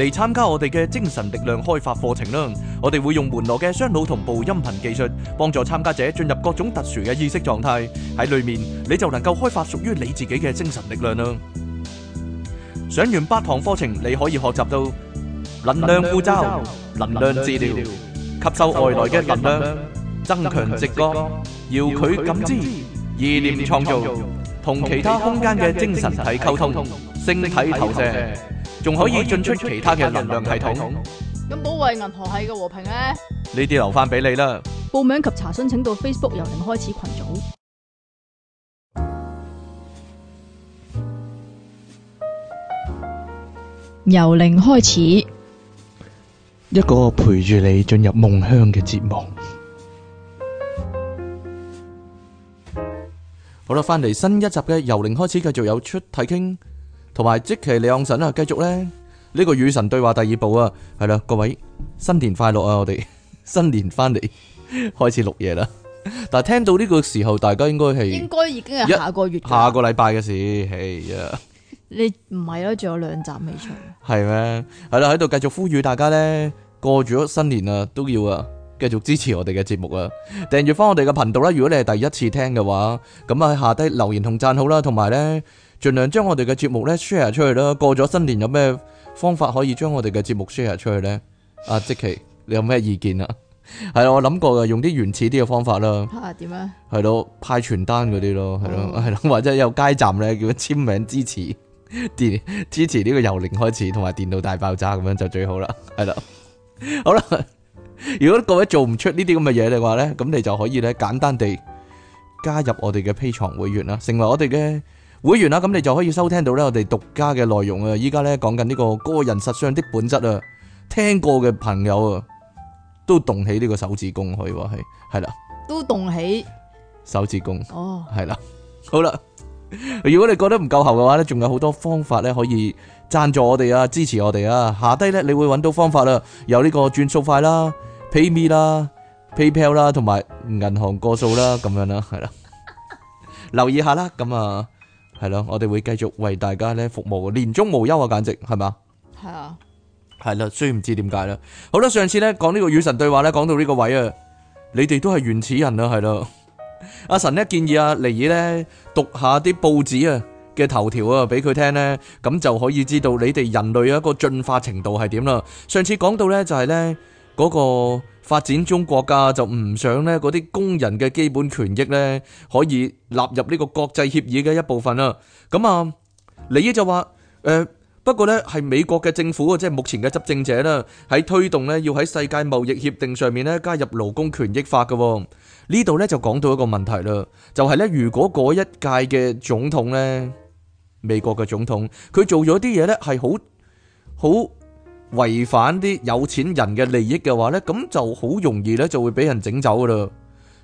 嚟參加我哋嘅精神力量開發課程啦！我哋會用門羅嘅雙腦同步音頻技術，幫助參加者進入各種特殊嘅意識狀態。喺裡面你就能夠開發屬於你自己嘅精神力量啦！上完八堂課程，你可以學習到能量護罩、能量治療、吸收外來嘅能量、增強直覺、遙距感知、意念創造、同其他空間嘅精神體溝通。晶體投射，仲可以進出其他嘅能量系統。咁保衛銀河系嘅和平咧？呢啲留翻俾你啦。報名及查詢，請到 Facebook 由零開始群組。由零開始，一個陪住你進入夢鄉嘅節目。好啦，翻嚟新一集嘅由零開始，繼續有出睇傾。同埋即其李昂臣啊，繼續咧呢、呢個與神對話第二部啊，係啦，各位新年快樂啊，我哋新年翻嚟開始錄嘢啦。但係聽到呢個時候，大家應該係應該已經係下個月下個禮拜嘅事。係啊，你唔係咯，仲有兩集未出。係咩？係啦，喺度繼續呼籲大家咧，過住咗新年啊，都要啊，繼續支持我哋嘅節目啊，訂閱翻我哋嘅頻道啦。如果你係第一次聽嘅話，咁啊喺下低留言同讚好啦，同埋咧。盡量將我哋嘅節目咧 share 出去啦。過咗新年有咩方法可以將我哋嘅節目 share 出去咧？阿、 啊、即奇，你有咩意見啊？係啦， 我諗過嘅，用啲原始啲嘅方法啦。吓，點啊？係咯，派傳單嗰啲咯，係咯、嗯，係咯，或者有街站咧，叫佢簽名支持，電 支持呢個由零開始同埋電腦大爆炸咁樣就最好啦。係啦， 好啦，如果各位做唔出呢啲咁嘅嘢嘅話咧，咁你就可以咧簡單地加入我哋嘅 Patreon 會員啦，成為我哋嘅。會員啊，咁你就可以收聽到咧，我哋獨家嘅內容啊！依家咧講緊呢個個人實相的本質啊，聽過嘅朋友啊，都動起呢個手指公可以話係係啦，都動起手指公哦，係啦，好啦，如果你覺得唔夠喉嘅話咧，仲有好多方法咧可以贊助我哋啊，支持我哋啊，下低咧你會揾到方法啦，有呢個轉數快啦，PayMe 啦，PayPal 啦，同埋銀行過數啦，咁樣啦，係啦， 留意下啦，咁啊。係咯，我哋會繼續為大家咧服務，年終無憂啊，簡直係嘛？係啊，係啦的，雖然唔知點解啦。好啦，上次咧講呢個與神對話咧，講到呢個位啊，你哋都係原始人啦，係咯。阿、 啊、神咧建議阿、啊、尼爾咧讀下啲報紙啊嘅頭條啊俾佢聽咧，咁就可以知道你哋人類一個進化程度係點啦。上次講到咧就係咧嗰個。發展中國家就唔想咧嗰啲工人嘅基本權益咧可以納入呢個國際協議嘅一部分啦。咁啊，利益就話：誒不過咧，係美國嘅政府啊，即係目前嘅執政者啦，喺推動咧要喺世界貿易協定上面咧加入勞工權益法嘅。呢度咧就講到一個問題啦，就係咧如果嗰一屆嘅總統咧美國嘅總統佢做咗啲嘢咧係好好，違反啲有錢人嘅利益嘅話呢，咁就好容易呢就會俾人整走噶啦。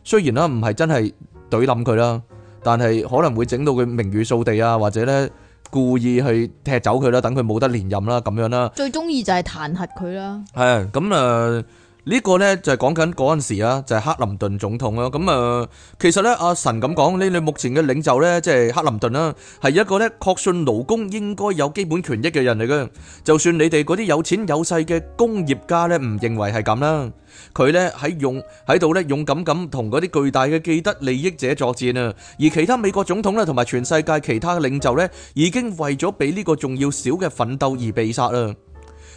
雖然啦，唔係真係懟冧佢啦，但係可能會整到佢名譽掃地啊，或者呢故意去踢走佢啦，等佢冇得連任啦，咁樣啦。最中意就係彈劾佢啦。係，咁誒。Uh, 呢個呢就係講緊嗰陣時啊，就係克林頓總統啊。咁、嗯、啊，其實呢，阿神咁講，你哋目前嘅領袖呢，即係克林頓啦，係一個呢確信勞工應該有基本權益嘅人嚟嘅。就算你哋嗰啲有錢有勢嘅工業家呢，唔認為係咁啦。佢呢喺勇喺度呢勇敢咁同嗰啲巨大嘅既得利益者作戰啊。而其他美國總統呢，同埋全世界其他領袖呢，已經為咗比呢個仲要少嘅奮鬥而被殺啦。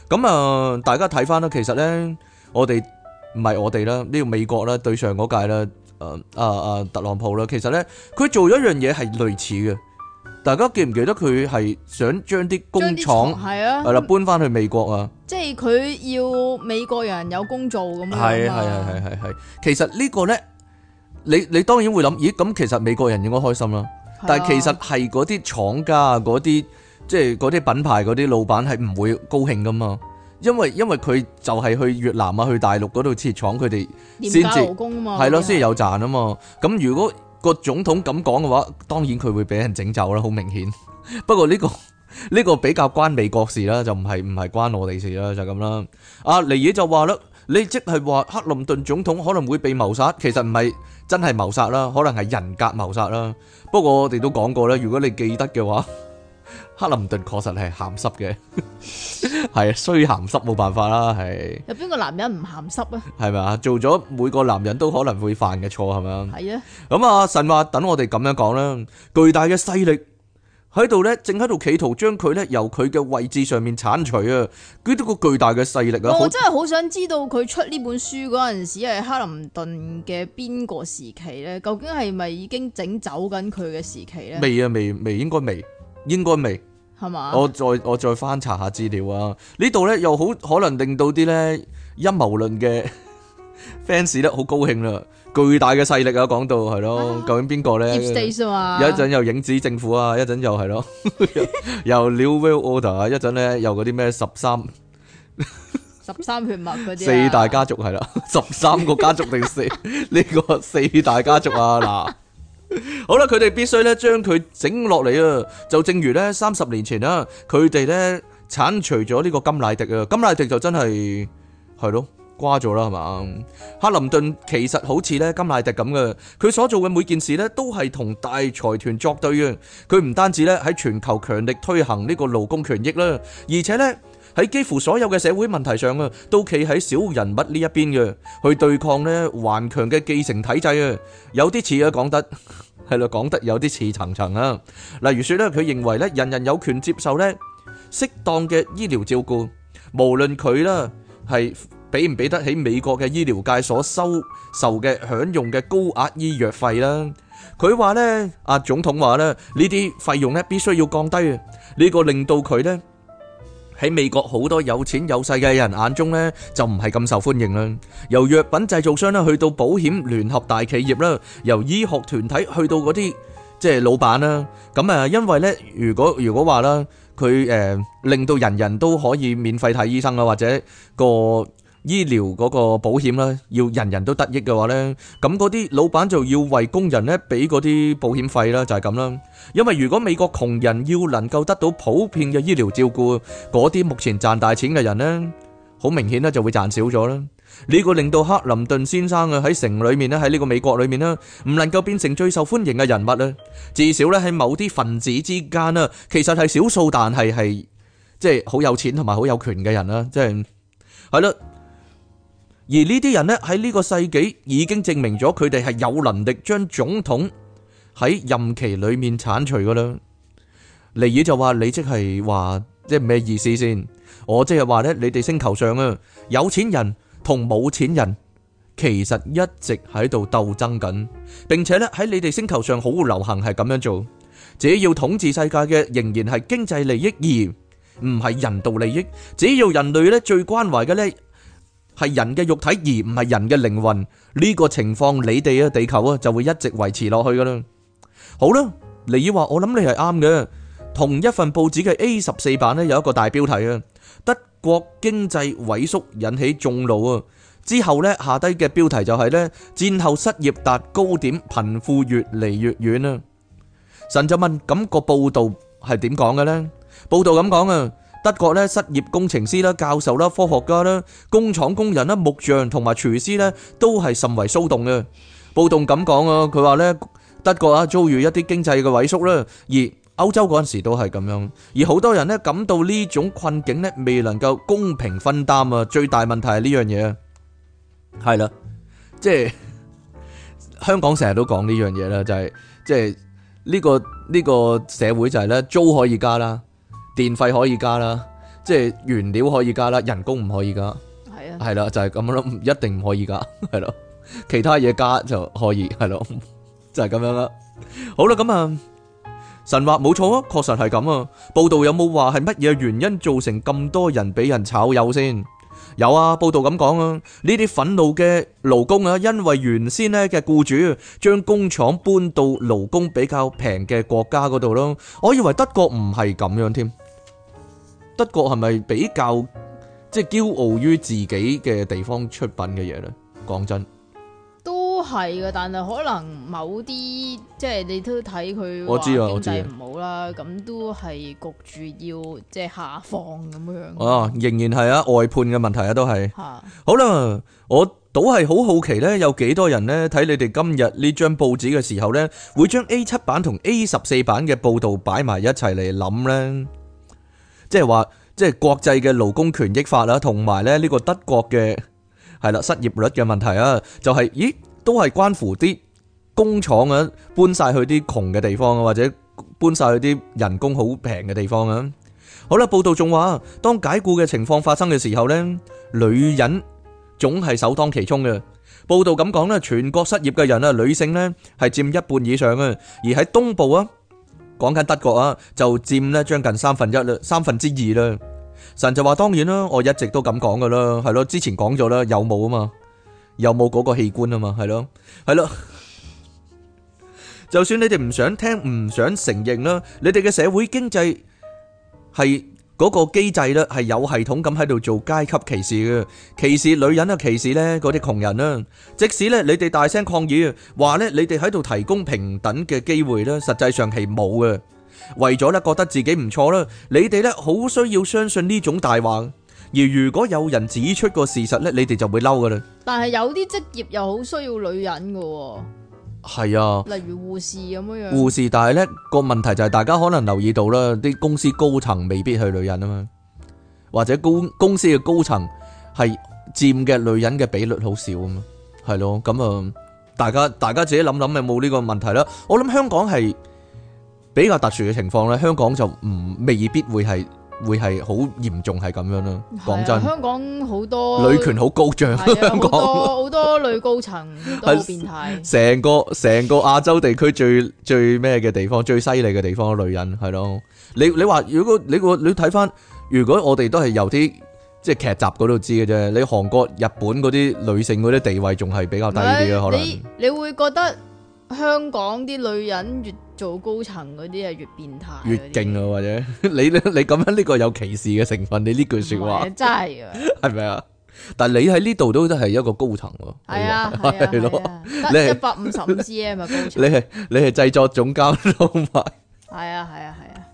咁、嗯、啊、嗯，大家睇翻啦，其實呢。我哋唔係我哋啦，呢個美國啦，對上嗰屆啦，誒誒誒，特朗普啦，其實咧佢做咗一樣嘢係類似嘅。大家記唔記得佢係想將啲工廠係啊，係啦，搬翻去美國啊、嗯？即係佢要美國人有工做咁樣。係係係係係，其實呢個咧，你你當然會諗，咦？咁其實美國人應該開心啦，但係其實係嗰啲廠家啊，嗰啲即係嗰啲品牌嗰啲老闆係唔會高興噶嘛。因為因為佢就係去越南啊，去大陸嗰度設廠，佢哋廉價勞工啊嘛，係咯，先有賺啊嘛。咁如果個總統咁講嘅話，當然佢會俾人整走啦，好明顯。不過呢個呢個比較關美國事啦，就唔係唔係關我哋事啦，就咁啦。阿尼爾就話啦，你即係話克林頓總統可能會被謀殺，其實唔係真係謀殺啦，可能係人格謀殺啦。不過我哋都講過啦，如果你記得嘅話。克林頓確實係鹹濕嘅，係 啊，衰鹹濕冇辦法啦，係。有邊個男人唔鹹濕啊？係咪啊？做咗每個男人都可能會犯嘅錯，係咪啊？係啊的。咁啊、嗯，神話等我哋咁樣講啦。巨大嘅勢力喺度咧，正喺度企圖將佢咧由佢嘅位置上面剷除啊！舉到個巨大嘅勢力啊！我真係好想知道佢出呢本書嗰陣時係克林頓嘅邊個時期咧？究竟係咪已經整走緊佢嘅時期咧？未啊，未未應該未，應該未。係嘛？我再我再翻查下資料啊！呢度咧又好可能令到啲咧陰謀論嘅 fans 咧好高興啦、啊！巨大嘅勢力啊，講到係咯，哎、呀究竟邊個咧？有、啊、一陣又影子政府啊，一陣又係咯， 又 New World Order 啊，一陣咧又嗰啲咩十三十三血脈嗰啲四大家族係啦，十三個家族定四呢 個四大家族啊嗱。 好啦，佢哋必須咧將佢整落嚟啊！就正如咧三十年前啦，佢哋咧鏟除咗呢個金乃迪啊，金乃迪就真係係咯瓜咗啦，係嘛？克林頓其實好似咧金乃迪咁嘅，佢所做嘅每件事咧都係同大財團作對啊！佢唔單止咧喺全球強力推行呢個勞工權益啦，而且咧。喺幾乎所有嘅社會問題上啊，都企喺小人物呢一邊嘅，去對抗呢頑強嘅繼承體制啊。有啲似啊，講得係咯，講得有啲似層層啊。例如說呢，佢認為呢，人人有權接受呢適當嘅醫療照顧，無論佢啦係俾唔俾得起美國嘅醫療界所收受嘅享用嘅高額醫藥費啦。佢話呢，阿總統話呢，呢啲費用呢必須要降低啊。呢個令到佢呢。喺美國好多有錢有勢嘅人眼中呢，就唔係咁受歡迎啦。由藥品製造商啦，去到保險聯合大企業啦，由醫學團體去到嗰啲即係老闆啦。咁啊，因為呢，如果如果話啦，佢誒令到人人都可以免費睇醫生呀，或者個醫療嗰個保險啦，要人人都得益嘅話呢，咁嗰啲老闆就要為工人咧俾嗰啲保險費啦，就係咁啦。因為如果美國窮人要能夠得到普遍嘅醫療照顧，嗰啲目前賺大錢嘅人呢，好明顯呢就會賺少咗啦。呢個令到克林頓先生啊，喺城裏面呢，喺呢個美國裏面呢，唔能夠變成最受歡迎嘅人物啦。至少呢喺某啲分子之間呢，其實係少數，但係係即係好有錢同埋好有權嘅人啦，即係係咯。而呢啲人咧喺呢個世紀已經證明咗佢哋係有能力將總統喺任期裏面鏟除噶啦。尼爾就話：你即係話即係咩意思先？我即係話咧，你哋星球上啊，有錢人同冇錢人其實一直喺度鬥爭緊，並且咧喺你哋星球上好流行係咁樣做。只要統治世界嘅仍然係經濟利益，而唔係人道利益，只要人類咧最關懷嘅咧。係人嘅肉體而唔係人嘅靈魂呢個情況，你哋啊地球啊就會一直維持落去噶啦。好啦，尼爾話我諗你係啱嘅。同一份報紙嘅 A 十四版呢，有一個大標題啊，德國經濟萎縮引起眾怒啊。之後呢下低嘅標題就係呢戰後失業達高點，貧富越嚟越遠啊。神就問咁，個報道係點講嘅呢？報道咁講啊。德國咧失業工程師啦、教授啦、科學家啦、工廠工人啦、木匠同埋廚師咧，都係甚為騷動嘅。暴動咁講啊，佢話咧德國啊遭遇一啲經濟嘅萎縮啦，而歐洲嗰陣時都係咁樣，而好多人咧感到呢種困境咧未能夠公平分擔啊，最大問題係呢樣嘢。係啦，即係香港成日都講呢樣嘢啦，就係即係呢個呢個社會就係咧租可以加啦。電費可以加啦，即係原料可以加啦，人工唔可以加，係啊的，係啦，就係、是、咁樣咯，一定唔可以加，係咯，其他嘢加就可以，係咯，就係、是、咁樣啦。好啦，咁啊神話冇錯啊，確實係咁啊。報道有冇話係乜嘢原因造成咁多人俾人炒魷先？有啊，報道咁講啊，呢啲憤怒嘅勞工啊，因為原先呢嘅僱主將工廠搬到勞工比較平嘅國家嗰度咯，我以為德國唔係咁樣添，德國係咪比較即係驕傲於自己嘅地方出品嘅嘢呢？講真。都係噶，但係可能某啲即係你都睇佢經濟唔好啦，咁都係焗住要即係下放咁樣。哦，仍然係啊，外判嘅問題啊，都係。吓，好啦，我倒係好好奇咧，有幾多人咧睇你哋今日呢張報紙嘅時候咧，會將 A 七版同 A 十四版嘅報道擺埋一齊嚟諗咧？即係話，即係國際嘅勞工權益法啦，同埋咧呢個德國嘅係啦失業率嘅問題啊，就係咦？都係關乎啲工廠啊，搬晒去啲窮嘅地方啊，或者搬晒去啲人工好平嘅地方啊。好啦，報道仲話，當解雇嘅情況發生嘅時候咧，女人總係首當其衝嘅。報道咁講咧，全國失業嘅人啊，女性咧係佔一半以上啊，而喺東部啊，講緊德國啊，就占咧將近三分一啦，三分之二啦。神就話，當然啦，我一直都咁講噶啦，係咯，之前講咗啦，有冇啊嘛。有冇嗰個器官啊嘛？係咯，係咯。就算你哋唔想聽，唔想承認啦，你哋嘅社會經濟係嗰個機制咧，係有系統咁喺度做階級歧視嘅，歧視女人啊，歧視咧嗰啲窮人啦。即使咧你哋大聲抗議啊，話咧你哋喺度提供平等嘅機會啦，實際上係冇嘅。為咗咧覺得自己唔錯啦，你哋咧好需要相信呢種大話。而如果有人指出個事實咧，你哋就會嬲噶啦。但係有啲職業又好需要女人噶，係啊，例如護士咁樣樣。護士，但係咧個問題就係大家可能留意到啦，啲公司高層未必係女人啊嘛，或者公公司嘅高層係佔嘅女人嘅比率好少啊嘛，係咯，咁啊，大家大家自己諗諗，有冇呢個問題啦？我諗香港係比較特殊嘅情況咧，香港就唔未必會係。會係好嚴重係咁樣咯，講、啊、真，香港好多女權好高漲，啊、香港好多, 好多女高層都變態，成個成個亞洲地區最最咩嘅地方， 最犀利嘅地方女人係咯，你你話如果你個你睇翻，如果我哋都係由啲即係劇集嗰度知嘅啫，你韓國、日本嗰啲女性嗰啲地位仲係比較低啲嘅的可能你，你會覺得。香港啲女人越做高層嗰啲係越變態，越勁啊！或者你你咁樣呢個有歧視嘅成分？你呢句說話真係，係咪啊？但你喺呢度都都係一個高層喎。係 壞啊，係、啊啊、咯。你一百五十五 cm 高層， 你係你係製作總監同埋。係啊係啊係啊！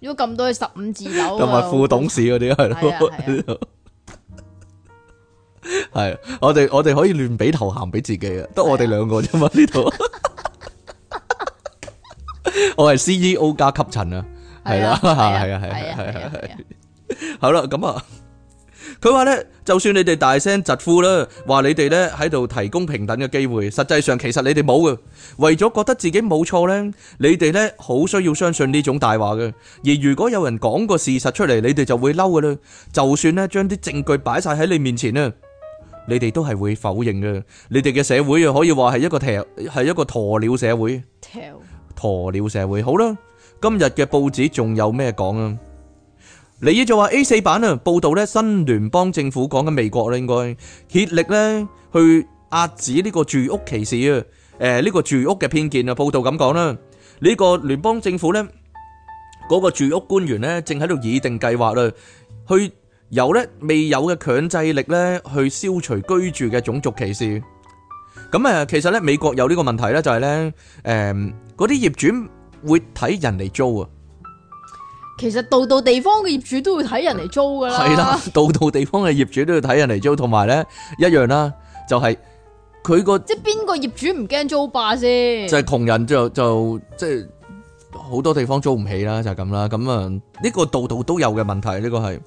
如果咁多係十五字樓，同埋副董事嗰啲係咯。 係，我哋我哋可以亂俾頭銜俾自己啊，得我哋兩個啫嘛呢度。我係 CEO 加吸塵啊，係啦，係啊，係啊，係啊，係啊，好啦，咁啊，佢話咧，就算你哋大聲疾呼啦，話你哋咧喺度提供平等嘅機會，實際上其實你哋冇嘅，為咗覺得自己冇錯咧，你哋咧好需要相信呢種大話嘅，而如果有人講個事實出嚟，你哋就會嬲㗎啦。就算咧將啲證據擺晒喺你面前啊。你哋都係會否認嘅，你哋嘅社會啊，可以話係一個 tell，係一個鴕鳥社會。鴕鳥社會，好啦，今日嘅報紙仲有咩講啊？李姨就話 A 四版啊，報道呢新聯邦政府講緊美國啦，應該竭力呢去壓止呢個住屋歧視啊，誒呢個住屋嘅偏見啊，報道咁講啦，呢個聯邦政府呢嗰個住屋官員呢正喺度擬定計劃啦，去。有咧，未有嘅強制力咧，去消除居住嘅種族歧視。咁誒，其實咧，美國有呢個問題咧，就係、是、咧，誒、嗯，嗰啲業主會睇人嚟租啊。其實度度地方嘅業主都會睇人嚟租噶啦。係啦，度度地方嘅業主都要睇人嚟租，同埋咧一樣啦，就係佢個即係邊個業主唔驚租霸先，就係窮人就就即係。好多地方租唔起啦，就係咁啦，咁啊呢個度度都有嘅問題，呢個係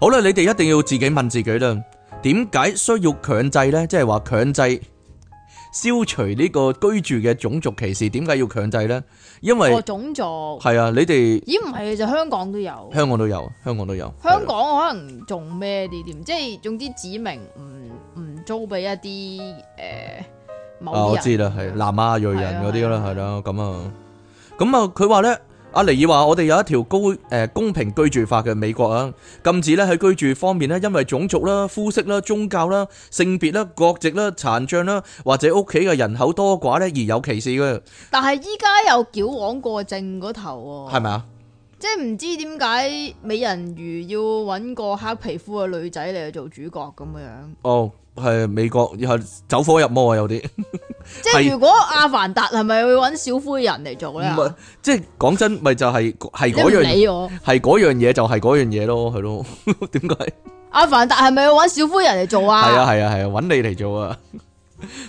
好啦，你哋一定要自己問自己啦，點解需要強制咧？即係話強制消除呢個居住嘅種族歧視，點解要強制咧？因為、哦、個種族係啊，你哋咦唔係就香港都有，香港都有，香港都有，香港可能仲咩啲啲，即係總之指明唔唔租俾一啲誒、呃、某人、啊、我知啦，係南亞裔人嗰啲啦，係啦，咁啊。樣咁啊，佢話呢，阿尼爾話我哋有一條高誒、呃、公平居住法嘅美國啊，禁止咧喺居住方面呢，因為種族啦、膚色啦、宗教啦、性別啦、國籍啦、殘障啦或者屋企嘅人口多寡呢，而有歧視嘅。但係依家又矯枉過正嗰頭喎，係咪啊？即係唔知點解美人魚要搵個黑皮膚嘅女仔嚟去做主角咁樣樣。哦。係美國，然後走火入魔啊！有啲是，即係是如果阿凡達係咪會搵小灰人嚟做咧？唔係，即係講真，咪就係係嗰樣，係嗰樣嘢就係嗰樣嘢咯，係咯？點解阿凡達係咪會搵小灰人嚟做，啊啊啊啊、做啊？係啊係啊係啊，搵你嚟做啊！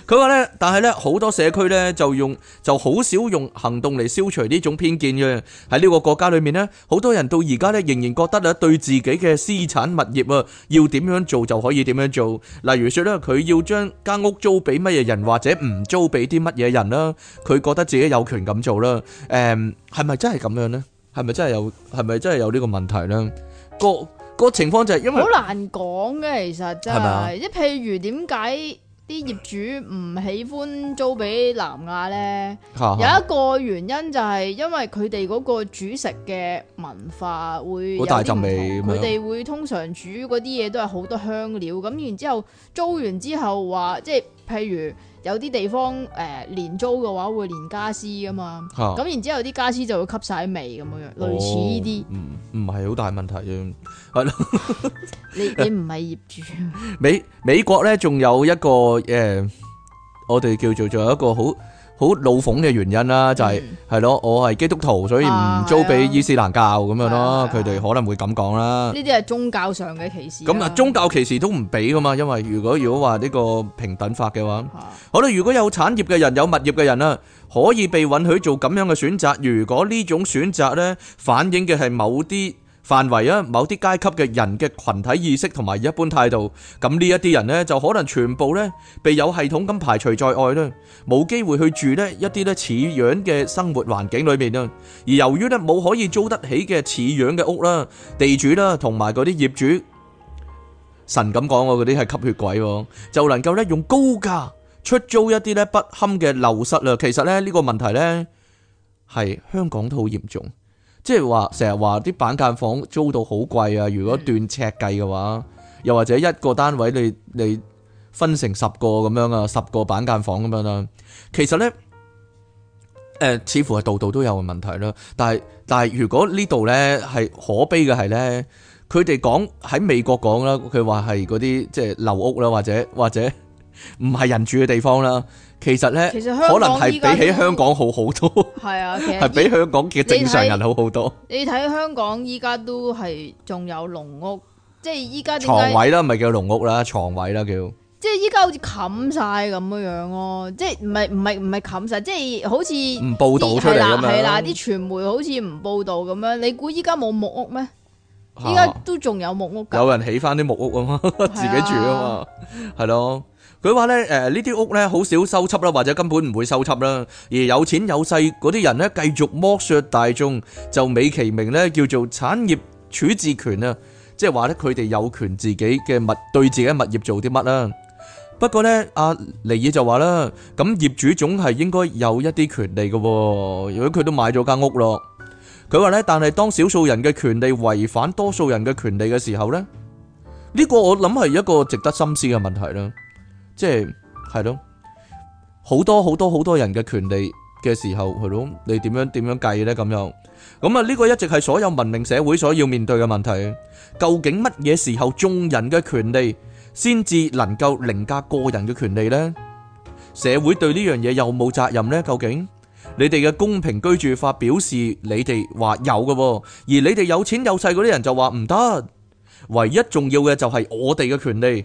佢話咧，但係咧，好多社區咧就用就好少用行動嚟消除呢種偏見嘅。喺呢個國家裏面咧，好多人到而家咧仍然覺得啊，對自己嘅私產物業啊，要點樣做就可以點樣做。例如說咧，佢要將間屋租俾乜嘢人，或者唔租俾啲乜嘢人啦，佢覺得自己有權咁做啦。誒，係咪真係咁樣咧？係咪真係有？係咪真係有呢個問題咧？個個情況就係因為好難講嘅，其實真係，即係譬如點解？啲業主唔喜歡租俾南亞呢？哈哈，有一個原因就係因為佢哋嗰個煮食嘅文化會有啲唔同，好大陣味，佢哋會通常煮嗰啲嘢都係好多香料，咁然之後租完之後話，即係譬如。有啲地方誒、呃、連租嘅話會連家私噶嘛，咁、啊、然之後啲家私就會吸晒味咁樣，類似呢啲，唔唔係好大問題嘅，係 咯。你你唔係業主。美美國咧，仲有一個誒、呃，我哋叫做仲有一個好。好怒諷嘅原因啦，就是，就係係咯，我係基督徒，所以唔租俾伊斯蘭教咁，啊、樣咯，佢哋的可能會咁講啦。呢啲係宗教上嘅歧視。咁啊，宗教歧視都唔俾噶嘛，因為如果如果話呢個平等法嘅話，啊、好啦，如果有產業嘅人、有物業嘅人啊，可以被允許做咁樣嘅選擇。如果呢種選擇咧，反映嘅係某啲。範圍啊，某啲階級嘅人嘅群體意識同埋一般態度，咁呢一啲人呢就可能全部呢被有系統咁排除在外啦，冇機會去住呢一啲呢似樣嘅生活環境裏面啦。而由於呢冇可以租得起嘅似樣嘅屋啦，地主啦同埋嗰啲業主，神咁講喎，我嗰啲係吸血鬼，就能夠呢用高價出租一啲呢不堪嘅流失啦。其實呢呢個問題呢係香港都好嚴重。即係話成日話啲板間房租到好貴啊，如果斷尺計嘅話，又或者一個單位你你分成十個咁樣啊，十個板間房咁樣啦。其實咧，誒、呃、似乎係度度都有問題啦。但係但係，如果呢度咧係可悲嘅係咧，佢哋講喺美國講啦，佢話係嗰啲即係樓屋啦，或者或者。唔係人住嘅地方啦，其實咧，其實香港依家，可能係比起香港好好多，係啊，係比香港嘅正常人好好多。你睇香港依家都係仲有農屋，即係依家啲床位啦，唔係叫農屋啦，床位啦叫。即係依家好似冚晒咁樣樣咯，即係唔係唔係唔係冚晒，即係好似唔報道出嚟，係啦，啲傳媒好似唔報道咁樣，你估依家冇木屋咩？依家都仲有木屋。有人起翻啲木屋啊嘛，自己住啊嘛，係 咯。佢話咧，誒、呃、呢啲屋咧好少收葺啦，或者根本唔會收葺啦。而有錢有勢嗰啲人咧，繼續剝削大眾，就美其名咧叫做產業處置權啊，即係話咧佢哋有權自己嘅物對自己嘅物業做啲乜啦。不過咧，阿、啊、尼爾就話啦，咁業主總係應該有一啲權利嘅。如果佢都買咗間屋咯，佢話咧，但係當少數人嘅權利違反多數人嘅權利嘅時候咧，呢、這個我諗係一個值得深思嘅問題啦。即係係咯，好多好多好多人嘅權利嘅時候，係咯，你點樣點樣計咧？咁樣咁啊？呢個一直係所有文明社會所要面對嘅問題。究竟乜嘢時候眾人嘅權利先至能夠凌駕個人嘅權利咧？社會對呢樣嘢有冇責任咧？究竟你哋嘅公平居住法表示你哋話有嘅，而你哋有錢有勢嗰啲人就話唔得。唯一重要嘅就係我哋嘅權利。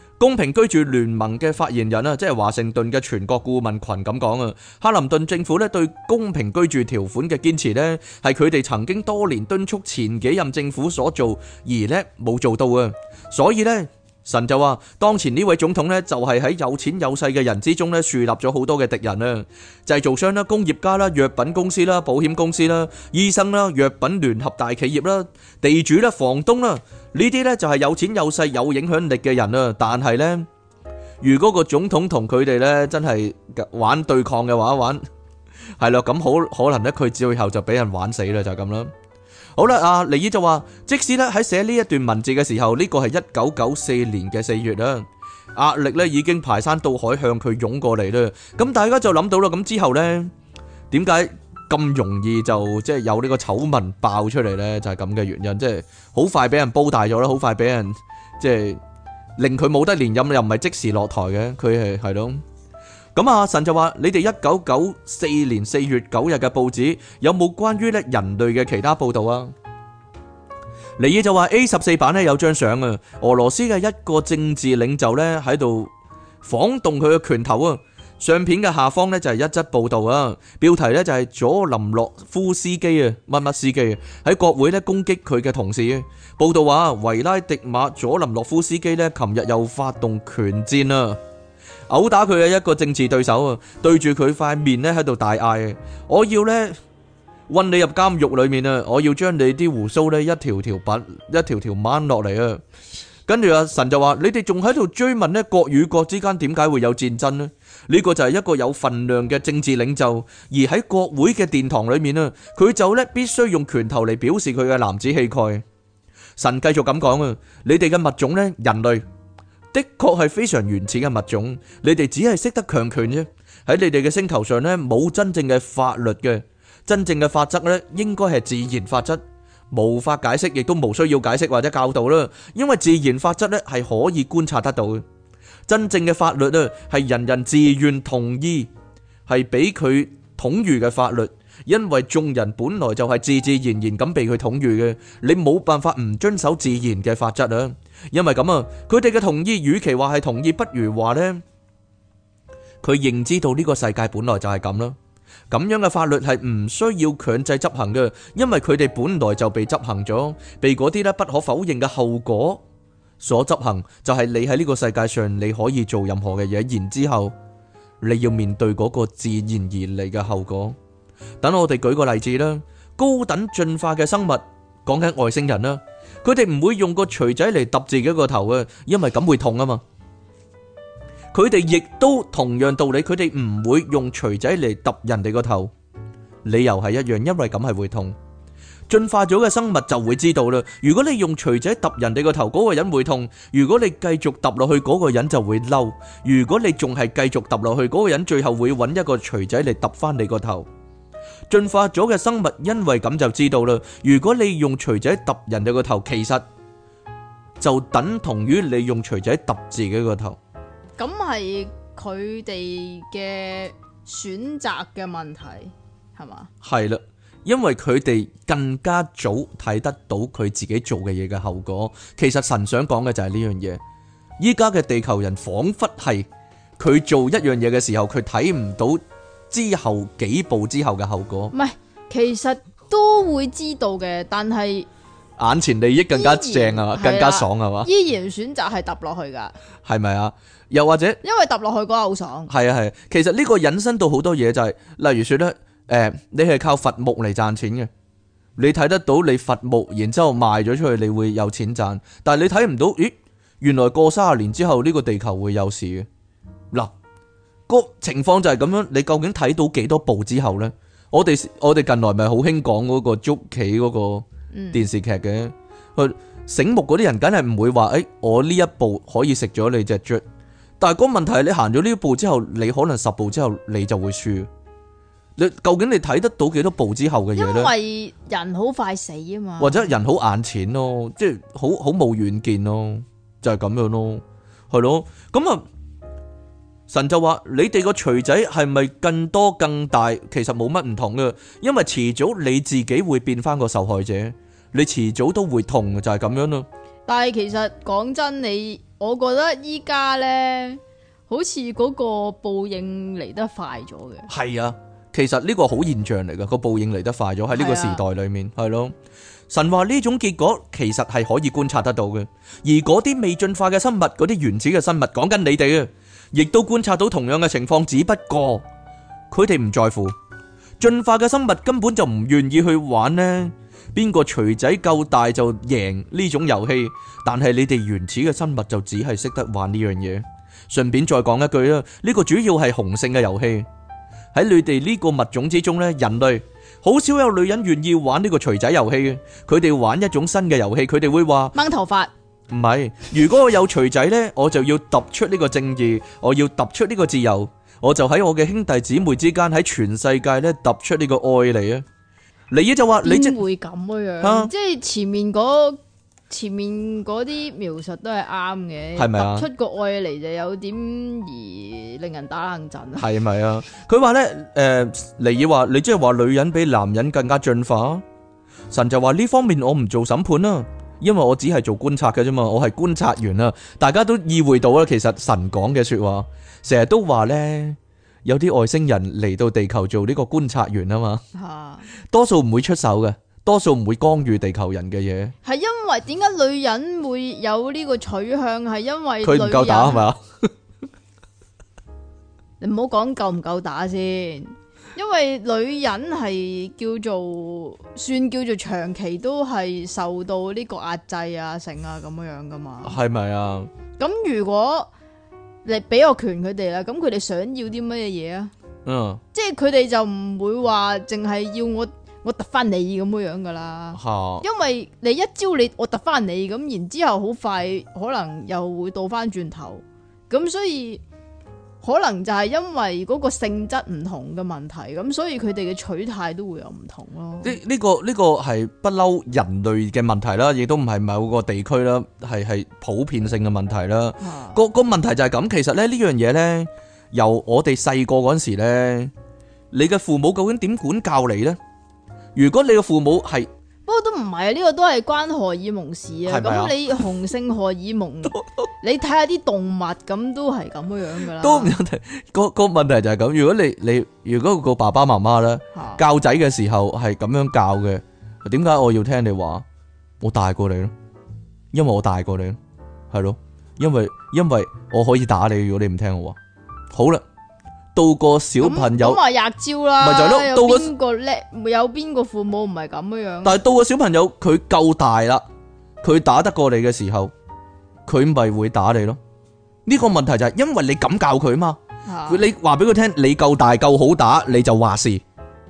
公平居住聯盟嘅發言人啊，即係華盛頓嘅全國顧問群咁講啊，克林頓政府咧對公平居住條款嘅堅持咧，係佢哋曾經多年敦促前幾任政府所做，而咧冇做到啊，所以咧神就話，當前呢位總統咧就係喺有錢有勢嘅人之中咧樹立咗好多嘅敵人啊，製造商啦、工業家啦、藥品公司啦、保險公司啦、醫生啦、藥品聯合大企業啦、地主啦、房東啦。呢啲咧就係有錢有勢有影響力嘅人啦，但係咧，如果個總統同佢哋咧真係玩對抗嘅話，玩係咯，咁好可能咧佢最後就俾人玩死啦，就咁啦。好啦，阿尼爾就話，即使咧喺寫呢一段文字嘅時候，呢個係一九九四年嘅四月啦，壓力咧已經排山倒海向佢湧過嚟啦，咁大家就諗到啦，咁之後咧點解？咁容易就即係、就是、有呢個醜聞爆出嚟呢，就係咁嘅原因，即係好快俾人煲大咗啦，好快俾人即係、就是、令佢冇得連任，又唔係即時落台嘅，佢係係咯。咁阿神就話：你哋一九九四年四月九日嘅報紙有冇關於呢人類嘅其他報道啊？尼爾就話 A 十四版呢有張相啊，俄羅斯嘅一個政治領袖呢喺度晃動佢嘅拳頭啊。相片嘅下方咧就係一則報道啊，標題咧就係佐林洛夫斯基啊，乜乜斯基啊，喺國會咧攻擊佢嘅同事啊。報道話維拉迪馬佐林洛夫斯基咧，琴日又發動拳戰啊，毆打佢嘅一個政治對手啊，對住佢塊面咧喺度大嗌啊，我要咧搵你入監獄裏面啊，我要將你啲胡鬚咧一條條拔一條條掹落嚟啊。跟住阿神就話你哋仲喺度追問咧國與國之間點解會有戰爭咧？呢個就係一個有份量嘅政治領袖，而喺國會嘅殿堂裏面啊，佢就咧必須用拳頭嚟表示佢嘅男子氣概。神繼續咁講啊，你哋嘅物種呢，人類的確係非常原始嘅物種，你哋只係識得強權啫。喺你哋嘅星球上呢，冇真正嘅法律嘅，真正嘅法則呢，應該係自然法則，無法解釋，亦都無需要解釋或者教導啦，因為自然法則呢係可以觀察得到嘅。真正嘅法律咧，係人人自願同意，係俾佢統御嘅法律。因為眾人本來就係自自然然咁被佢統御嘅，你冇辦法唔遵守自然嘅法則啊。因為咁啊，佢哋嘅同意，與其話係同意，不如話咧，佢認知到呢個世界本來就係咁啦。咁樣嘅法律係唔需要強制執行嘅，因為佢哋本來就被執行咗，被嗰啲咧不可否認嘅後果。所執行就係你喺呢個世界上你可以做任何嘅嘢，然之後你要面對嗰個自然而嚟嘅後果。等我哋舉個例子啦，高等進化嘅生物，講緊外星人啦，佢哋唔會用個錘仔嚟揼自己個頭啊，因為咁會痛啊嘛。佢哋亦都同樣道理，佢哋唔會用錘仔嚟揼人哋個頭，理由係一樣，因為咁係會痛。進化咗嘅生物就會知道啦。如果你用錘仔揼人哋個頭，嗰個人會痛；如果你繼續揼落去，嗰個人就會嬲；如果你仲係繼續揼落去，嗰個人最後會揾一個錘仔嚟揼翻你個頭。進化咗嘅生物因為咁就知道啦。如果你用錘仔揼人哋個頭，其實就等同於你用錘仔揼自己個頭。咁係佢哋嘅選擇嘅問題係嘛？係啦。因為佢哋更加早睇得到佢自己做嘅嘢嘅後果，其實神想講嘅就係呢樣嘢。依家嘅地球人仿佛係佢做一樣嘢嘅時候，佢睇唔到之後幾步之後嘅後果。唔係，其實都會知道嘅，但係眼前利益更加正啊，更加爽係嘛？依然選擇係揼落去噶，係咪啊？又或者因為揼落去覺得好爽。係啊，係啊，其實呢個引申到好多嘢，就是，就係例如說咧。誒、欸，你係靠伐木嚟賺錢嘅，你睇得到你伐木，然之後賣咗出去你會有錢賺，但係你睇唔到，咦，原來過三十年之後呢、這個地球會有事嘅。嗱，那個情況就係咁樣，你究竟睇到幾多步之後呢？我哋我哋近來咪好興講嗰個捉棋嗰、那個電視劇嘅，嗯、醒目嗰啲人梗係唔會話，誒、哎，我呢一步可以食咗你隻卒，但係個問題你行咗呢一步之後，你可能十步之後你就會輸。你究竟你睇得到幾多步之後嘅嘢咧？因為人好快死啊嘛，或者人好眼淺咯，即係好好冇遠見咯，就係、是、咁樣咯，係咯咁啊、嗯。神就話你哋個錘仔係咪更多更大？其實冇乜唔同嘅，因為遲早你自己會變翻個受害者，你遲早都會痛嘅，就係、是、咁樣咯。但係其實講真，你我覺得依家咧，好似嗰個報應嚟得快咗嘅，係啊。其實呢個好現象嚟㗎，個報應嚟得快咗喺呢個時代裏面，係咯、啊。神話呢種結果其實係可以觀察得到嘅。而嗰啲未進化嘅生物，嗰啲原始嘅生物，講緊你哋啊，亦都觀察到同樣嘅情況，只不過佢哋唔在乎進化嘅生物根本就唔願意去玩呢。邊個錘仔夠大就贏呢種遊戲，但係你哋原始嘅生物就只係識得玩呢樣嘢。順便再講一句啦，呢、呢個主要係雄性嘅遊戲。喺你哋呢個物種之中呢，人類好少有女人願意玩呢個錘仔遊戲嘅，佢哋玩一種新嘅遊戲，佢哋會話掹頭髮，唔係，如果我有錘仔呢，我就要突出呢個正義，我要突出呢個自由，我就喺我嘅兄弟姊妹之間，喺全世界呢突出呢個愛嚟啊！你咧就話，你會咁嘅樣？即係前面嗰、那個。前面嗰啲描述都係啱嘅，係咪啊？出國外嚟就有點而令人打冷震。係咪啊？佢話咧，誒，尼爾話，你即係話女人比男人更加進化。神就話，呢方面我唔做審判啦，因為我只係做觀察嘅啫嘛，我係觀察員啊。大家都意會到啦，其實神講嘅說話，成日都話咧，有啲外星人嚟到地球做呢個觀察員啊嘛，多數唔會出手嘅。多數唔會干預地球人嘅嘢，係因為點解女人會有呢個取向？係因為佢唔夠打係嘛？ 你唔好講夠唔夠打先，因為女人係叫做算叫做長期都係受到呢個壓制啊，成啊咁樣樣噶嘛？係咪啊？咁如果你俾個權佢哋啦，咁佢哋想要啲乜嘢嘢啊？嗯，即係佢哋就唔會話淨係要我。我突翻你咁樣樣噶啦，因為你一招你，我突翻你咁，然之後好快可能又會倒翻轉頭，咁所以可能就係因為嗰個性質唔同嘅問題，咁所以佢哋嘅取態都會有唔同咯。呢呢、呢個呢、呢個係不嬲人類嘅問題啦，亦都唔係某個地區啦，係係普遍性嘅問題啦。啊、個個問題就係咁，其實咧呢樣嘢咧，由我哋細個嗰陣時咧，你嘅父母究竟點管教你咧？如果你個父母係，不過都唔係啊，呢、這個都係關荷爾蒙事啊。咁吧你雄性荷爾蒙， 你睇下啲動物咁都係咁樣噶啦。都唔得，個個問題就係咁。如果你你如果個爸爸媽媽咧教仔嘅時候係咁樣教嘅，點解、啊、我要聽你話？我大過你咯，因為我大過你咯，係咯，因為因為我可以打你，如果你唔聽我話，好啦。到個小朋友咁咪廿招啦，咪就係咯，到個叻有邊個父母唔係咁樣？但係到個小朋友佢夠大啦，佢打得過你嘅時候，佢咪會打你咯。呢個問題就係因為你咁教佢啊嘛，佢你話俾佢聽你夠大夠好打，你就話事。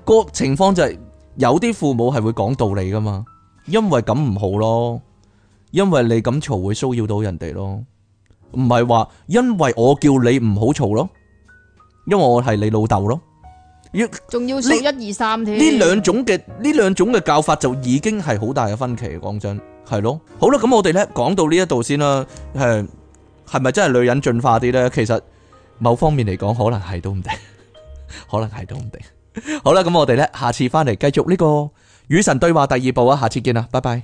個情況就係有啲父母係會講道理噶嘛，因為咁唔好咯，因為你咁嘈會騷擾到人哋咯，唔係話因為我叫你唔好嘈咯。因為我係你老豆咯，要仲要數一二三添。呢兩種嘅呢兩種嘅教法就已經係好大嘅分歧。講真，係咯。好啦，咁我哋咧講到呢一度先啦。誒，係咪真係女人進化啲咧？其實某方面嚟講，可能係都唔定，可能係都唔定。好啦，咁我哋咧下次翻嚟繼續呢個與神對話第二部啊！下次見啦，拜拜。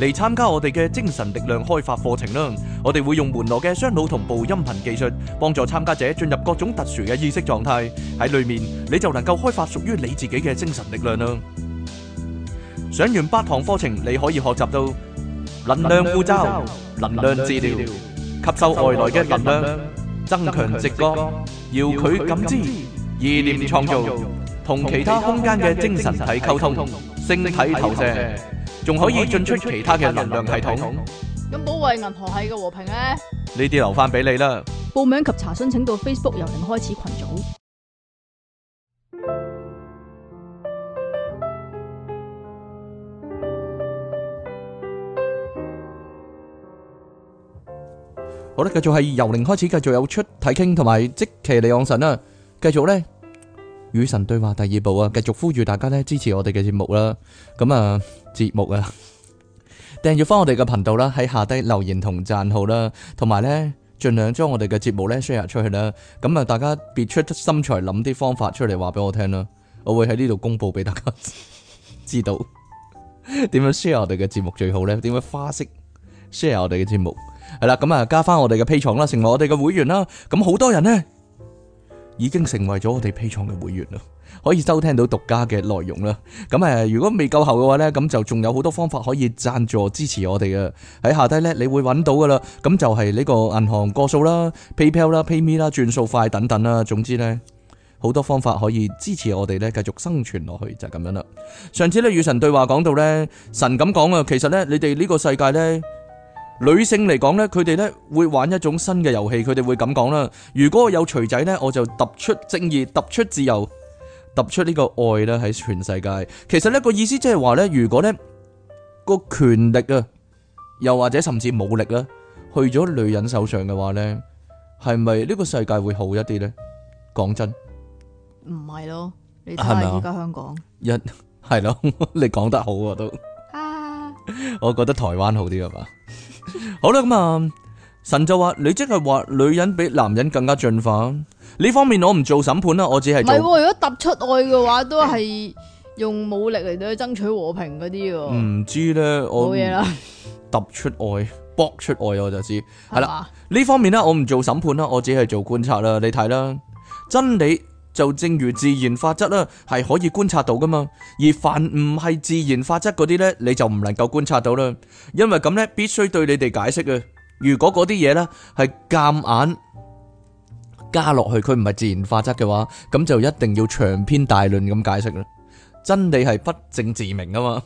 嚟參加我哋嘅精神力量開發課程啦！我哋會用門羅嘅雙腦同步音頻技術，幫助參加者進入各種特殊嘅意識狀態。喺裏面你就能夠開發屬於你自己嘅精神力量啦！上完八堂課程，你可以學習到能量護罩、能量治療、吸收外來嘅能量、增強直覺、遙距感知、意念創造、同其他空間嘅精神體溝通、星體投射。仲可以進出其他嘅能量系統。咁、嗯、保衛銀河系嘅和平咧？呢啲留翻俾你啦。報名及查詢請到 Facebook 由零開始群組。好啦，繼續係由零開始，繼續有出睇傾同埋即期利昂神啦，繼續咧。與神對話第二部啊，繼續呼籲大家咧支持我哋嘅節目啦。咁啊，節目啊， 訂閱翻我哋嘅頻道啦，喺下低留言同讚好啦，同埋咧盡量將我哋嘅節目咧 share 出去啦。咁啊，大家別出心裁諗啲方法出嚟話俾我聽啦。我會喺呢度公布俾大家知道點樣 share 我哋嘅節目最好咧，點樣花式 share 我哋嘅節目係啦。咁啊，加翻我哋嘅 Patreon 啦，成為我哋嘅會員啦。咁好多人咧。已經成為咗我哋 Patreon 嘅會員啦，可以收聽到獨家嘅內容啦。咁誒，如果未夠喉嘅話呢，咁就仲有好多方法可以贊助支持我哋嘅，喺下低呢，你會揾到噶啦。咁就係呢個銀行過數啦、PayPal 啦、PayMe 啦、轉數快等等啦。總之呢，好多方法可以支持我哋呢繼續生存落去，就係咁樣啦。上次呢，與神對話講到呢，神咁講啊，其實呢，你哋呢個世界呢女性嚟講呢，佢哋呢會玩一種新嘅遊戲，佢哋會咁講啦。如果我有鎚仔呢，我就突出正義、突出自由、突出呢個愛啦，喺全世界。其實呢個意思即係話呢，如果呢個權力啊，又或者甚至武力啊，去咗女人手上嘅話呢，係咪呢個世界會好一啲呢？講真，唔係咯，你睇下而家香港一係咯，是不是 你講得好啊，都， 我覺得台灣好啲啊嘛。好啦，咁啊，神就話你即係話女人比男人更加進化呢方面，我唔做審判啦，我只係唔係如果突出愛嘅話，都係用武力嚟到爭取和平嗰啲嘅。唔知咧，我冇嘢啦。突出愛，搏出愛我就知係啦。呢方面咧，我唔做審判啦，我只係做觀察啦。你睇啦，真理。就正如自然法則啦，係可以觀察到噶嘛。而凡唔係自然法則嗰啲呢，你就唔能夠觀察到啦。因為咁呢必須對你哋解釋啊。如果嗰啲嘢呢係夾硬加落去，佢唔係自然法則嘅話，咁就一定要長篇大論咁解釋啦。真理係不證自明啊嘛。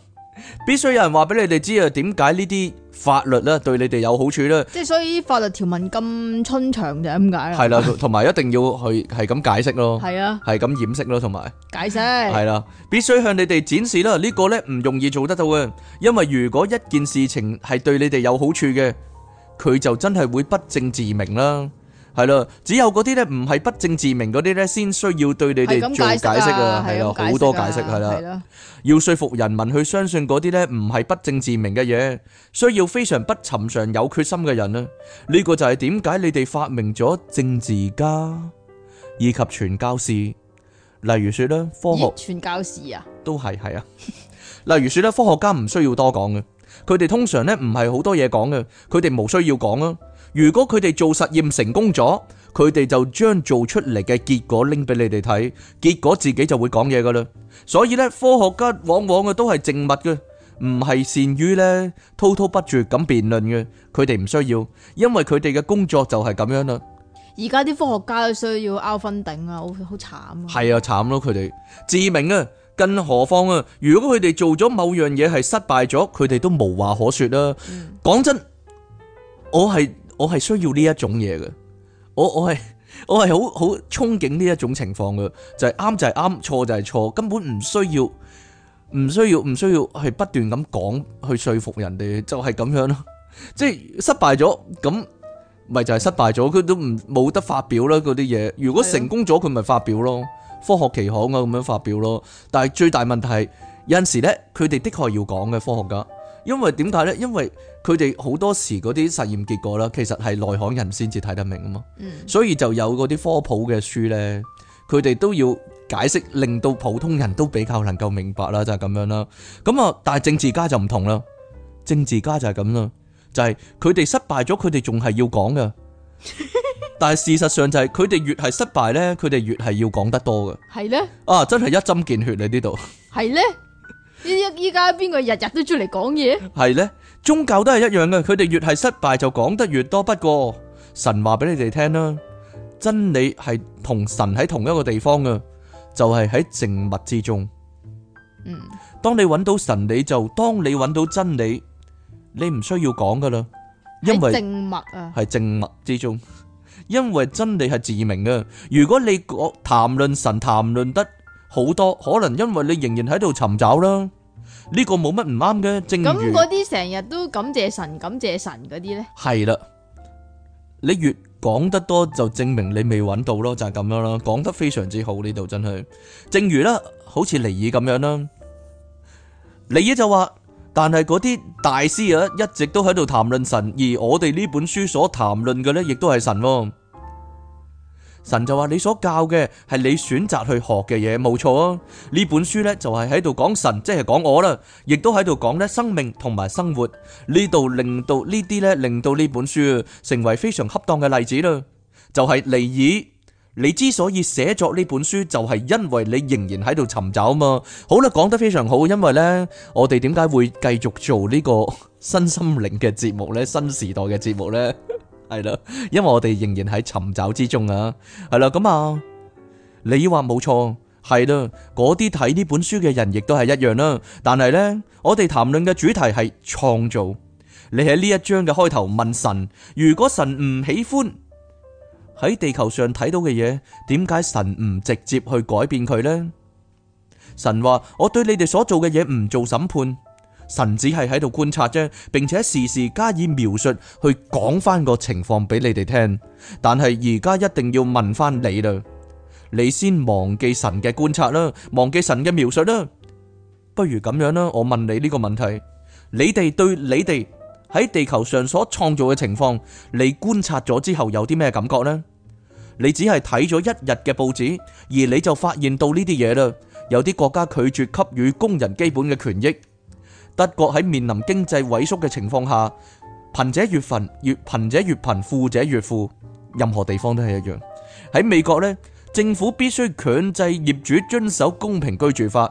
必須有人話俾你哋知啊，點解呢啲法律咧對你哋有好處咧？即係所以法律條文咁春長就係咁解啦。係啦，同埋一定要去係咁解釋咯。係啊，係咁掩飾咯，同埋解釋係啦。必須向你哋展示啦，呢個咧唔容易做得到嘅，因為如果一件事情係對你哋有好處嘅，佢就真係會不證自明啦。係咯，只有嗰啲咧唔係不證自明嗰啲咧，先需要對你哋做解釋啊！係咯了，好、啊、多解釋係啦，的要說服人民去相信嗰啲咧唔係不證自明嘅嘢，需要非常不尋常、有決心嘅人啊！呢個就係點解你哋發明咗政治家以及傳教士，例如說咧科學傳教士啊，都係係啊。 例如說咧，科學家唔需要多講嘅，佢哋通常咧唔係好多嘢講嘅，佢哋冇需要講啊。如果佢哋做實驗成功咗，佢哋就將做出嚟嘅結果拎俾你哋睇，結果自己就會講嘢噶啦。所以咧，科學家往往嘅都係靜默嘅，唔係善於咧滔滔不絕咁辯論嘅。佢哋唔需要，因為佢哋嘅工作就係咁樣啦。而家啲科學家都需要拗分頂啊，好好慘啊。係啊，慘咯，佢哋致命啊，更何況啊，如果佢哋做咗某樣嘢係失敗咗，佢哋都無話可說啦。講真，我係。我係需要呢一種嘢嘅，我我係我係好好憧憬呢一種情況嘅，就係啱就係啱，錯就係錯，根本唔需要唔需要唔需要係不斷咁講去說服人哋，就係咁樣咯。即係失敗咗，咁咪就係失敗咗，佢都唔冇得發表啦嗰啲嘢。如果成功咗，佢咪發表咯，科學期刊啊咁樣發表咯。但係最大問題係有陣時咧，佢哋的確要講嘅科學家。因為點解呢？因為佢哋好多時嗰啲實驗結果啦,其實係內行人先至睇得明啊嘛。嗯、所以就有嗰啲科普嘅書呢，佢哋都要解釋，令到普通人都比較能夠明白啦，就係、是、咁樣啦。咁啊，但係政治家就唔同啦，政治家就係咁啦，就係佢哋失敗咗，佢哋仲係要講㗎。 但係事實上就係佢哋越係失敗呢，佢哋越係要講得多㗎。係呢？啊，真係一針見血喺呢度。係呢？依一依家邊個日日都出嚟講嘢？係呢，宗教都係一樣嘅。佢哋越係失敗就講得越多。不過神話俾你哋聽啦，真理係同神喺同一個地方嘅，就係喺靜默之中。嗯，當你揾到神，你就當你揾到真理，你唔需要講噶啦。因為靜默啊，係靜默之中，因為真理係自明嘅。如果你講談論神，談論得。好多可能，因為你仍然喺度尋找啦，呢個冇乜唔啱嘅。正如咁嗰啲成日都感謝神、感謝神嗰啲咧，係啦，你越講得多就證明你未揾到咯，就係咁樣啦。講得非常之好呢度真係，正如啦，好似尼爾咁樣啦，尼爾就話，但係嗰啲大師啊，一直都喺度談論神，而我哋呢本書所談論嘅咧，亦都係神。神就話：你所教嘅係你選擇去學嘅嘢，冇錯啊！呢本書呢，就係喺度講神，即係講我啦，亦都喺度講咧生命同埋生活呢度，令到呢啲呢，令到呢本書成為非常恰當嘅例子啦。就係尼爾，你之所以寫作呢本書，就係因為你仍然喺度尋找嘛。好啦，講得非常好，因為呢，我哋點解會繼續做呢個 新心靈嘅節目呢？新時代嘅節目呢？係啦，因為我哋仍然喺尋找之中啊。係啦，咁啊，你話冇錯，係啦，嗰啲睇呢本書嘅人亦都係一樣啦，啊。但係呢，我哋談論嘅主題係創造。你喺呢一章嘅開頭問神：「如果神唔喜歡喺地球上睇到嘅嘢，點解神唔直接去改變佢呢？」神話：「我對你哋所做嘅嘢唔做審判。神只係喺度觀察啫，並且時時加以描述去講翻個情況俾你哋聽。但係而家一定要問翻你啦，你先忘記神嘅觀察啦，忘記神嘅描述啦。不如咁樣啦，我問你呢個問題：你哋對你哋喺地球上所創造嘅情況，你觀察咗之後有啲咩感覺呢？你只係睇咗一日嘅報紙，而你就發現到呢啲嘢啦。有啲國家拒絕給予工人基本嘅權益。德國喺面臨經濟萎縮嘅情況下，貧者越貧越貧者越貧，富者越富，任何地方都係一樣。喺美國呢，政府必須強制業主遵守公平居住法，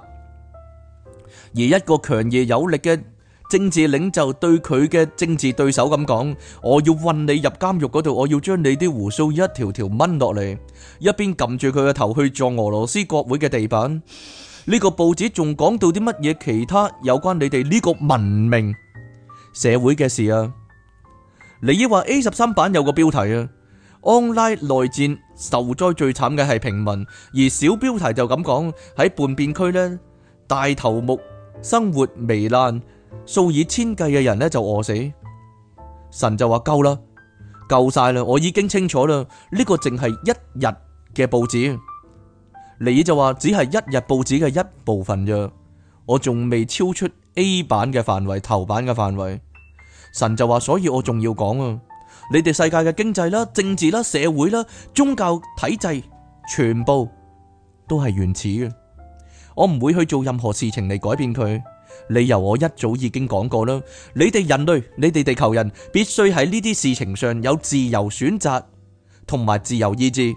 而一個強而有力嘅政治領袖對佢嘅政治對手咁講，我要運你入監獄嗰度，我要將你啲鬍鬚一條條掹落嚟，一邊撳住佢嘅頭去撞俄羅斯國會嘅地板。呢個報紙仲講到啲乜嘢其他有關你哋呢個文明社會嘅事啊？你以話 A 十三版有個標題啊，安拉內戰受災最慘嘅係平民，而小標題就咁講，喺叛變區呢，大頭目生活糜爛，數以千計嘅人呢，就餓死。神就話夠啦，夠晒，啦，我已經清楚啦，呢個淨係一日嘅報紙。你就話只係一日報紙嘅一部分啫，我仲未超出 A 版嘅範圍，頭版嘅範圍。神就話，所以我仲要講啊！你哋世界嘅經濟啦、政治啦、社會啦、宗教體制，全部都係原始嘅，我唔會去做任何事情嚟改變佢。理由我一早已經講過啦，你哋人類、你哋地球人，必須喺呢啲事情上有自由選擇同埋自由意志。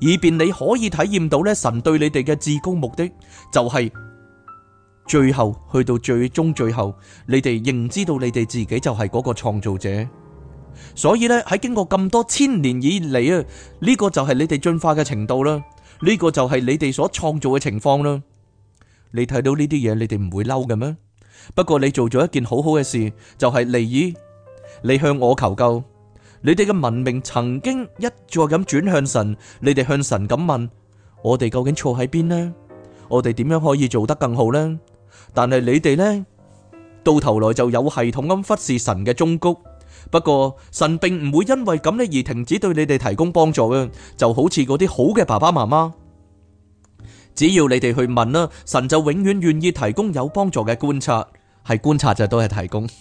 以便你可以體驗到咧，神對你哋嘅至高目的就係最後去到最終，最後你哋認知到你哋自己就係嗰個創造者。所以咧喺經過咁多千年以嚟啊，呢個就係你哋進化嘅程度啦，呢個就係你哋所創造嘅情況啦。你睇到呢啲嘢，你哋唔會嬲嘅咩？不過你做咗一件好好嘅事，就係尼爾，你向我求救。你哋嘅文明曾經一再咁轉向神，你哋向神咁問：我哋究竟錯喺邊呢？我哋點樣可以做得更好呢？但係你哋呢？到頭來就有系統咁忽視神嘅忠告。不過神並唔會因為咁呢而停止對你哋提供幫助嘅，就好似嗰啲好嘅爸爸媽媽。只要你哋去問啦，神就永遠願意提供有幫助嘅觀察，係觀察就都係提供。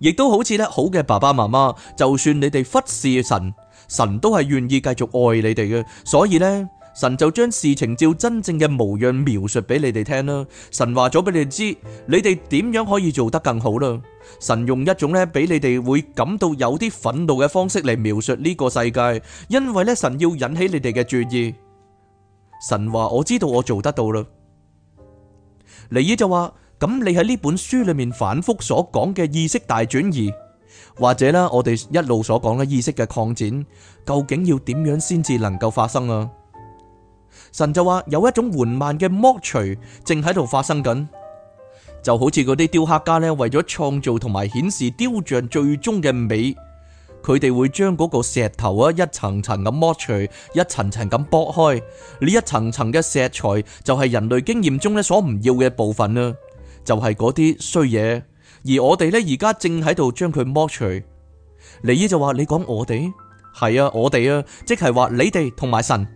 亦都好似咧，好嘅爸爸媽媽，就算你哋忽視神，神都係願意繼續愛你哋嘅。所以呢，神就將事情照真正嘅模樣描述俾你哋聽啦。神話咗俾你哋知，你哋點樣可以做得更好啦。神用一種咧，俾你哋會感到有啲憤怒嘅方式嚟描述呢個世界，因為咧，神要引起你哋嘅注意。神話，我知道我做得到啦。尼爾就話。咁你喺呢本書裏面反覆所講嘅意識大轉移，或者呢，我哋一路所講嘅意識嘅擴展，究竟要點樣先至能夠發生啊？神就話有一種緩慢嘅剝除正喺度發生緊，就好似嗰啲雕刻家呢，為咗創造同埋顯示雕像最終嘅美，佢哋會將嗰個石頭啊一層層咁剝除，一層層咁剝開。呢一層層嘅石材就係人類經驗中咧所唔要嘅部分啊。就係嗰啲衰嘢，而我哋呢而家正喺度將佢剝除。尼姨就話：你講我哋，係啊，我哋啊，即係話你哋同埋神，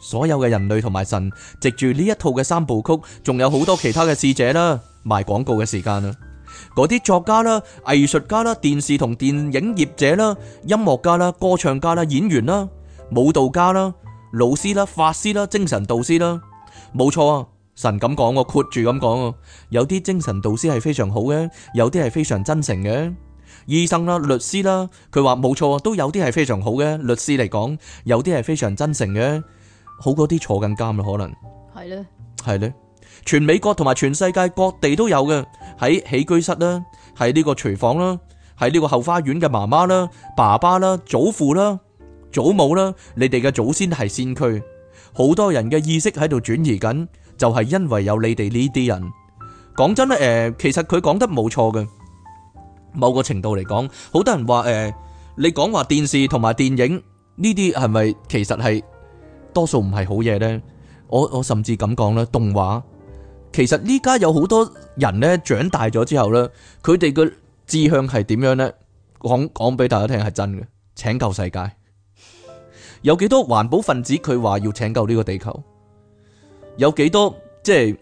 所有嘅人類同埋神，藉住呢一套嘅三部曲，仲有好多其他嘅使者啦，賣廣告嘅時間啦，嗰啲作家啦、藝術家啦、電視同電影業者啦、音樂家啦、歌唱家啦、演員啦、舞蹈家啦、老師啦、法師啦、精神導師啦，冇錯啊！神咁講，括住咁講，有啲精神導師係非常好嘅，有啲係非常真誠嘅醫生啦、律師啦。佢話冇錯，都有啲係非常好嘅律師嚟講，有啲係非常真誠嘅，好過啲坐緊監啦。可能係咧，係咧的，全美國同埋全世界各地都有嘅喺起居室啦，喺呢個廚房啦，喺呢個，個後花園嘅媽媽啦、爸爸啦、祖父啦、祖母啦，你哋嘅祖先係先驅，好多人嘅意識喺度轉移緊。就係因為有你哋呢啲人，講真咧，誒，其實佢講得冇錯嘅。某個程度嚟講，好多人話，誒、欸，你講話電視同埋電影呢啲係咪其實係多數唔係好嘢呢？我我甚至咁講啦，動畫其實而家有好多人呢，長大咗之後呢，佢哋嘅志向係點樣呢？講講俾大家聽係真嘅，拯救世界，有幾多環保分子佢話要拯救呢個地球？有幾多即係、就是，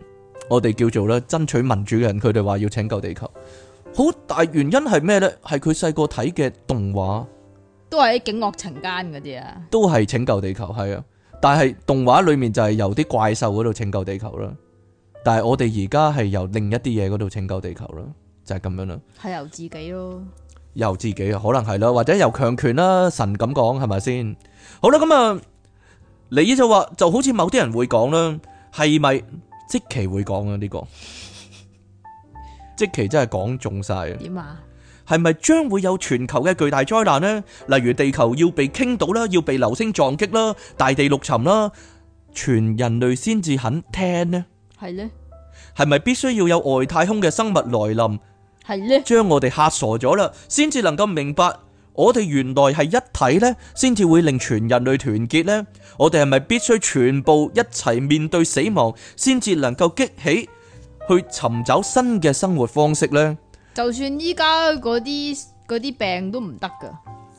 我哋叫做咧，爭取民主嘅人，佢哋話要拯救地球，好大原因係咩咧？係佢細個睇嘅動畫，都係喺《警惡懲奸》嗰啲啊，都係拯救地球係啊，但係動畫裏面就係由啲怪獸嗰度拯救地球啦，但係我哋而家係由另一啲嘢嗰度拯救地球啦，就係、是、咁樣啦，係由自己咯，由自己啊，可能係啦，或者由強權啦，神咁講係咪先？好啦，咁、嗯、啊，李姨就話就好似某啲人會講啦。係咪即期會講啊？呢個即期真係講中晒啊！點啊？係咪將會有全球嘅巨大災難呢？例如地球要被傾倒啦，要被流星撞擊啦，大地陸沉啦，全人類先至肯聽呢？係呢？係咪必須要有外太空嘅生物來臨？係呢？將我哋吓傻咗啦，先至能夠明白。我哋原來係一體呢，先至會令全人類團結呢。我哋係咪必須全部一齊面對死亡，先至能夠激起去尋找新嘅生活方式呢？就算依家嗰啲啲病都唔得噶，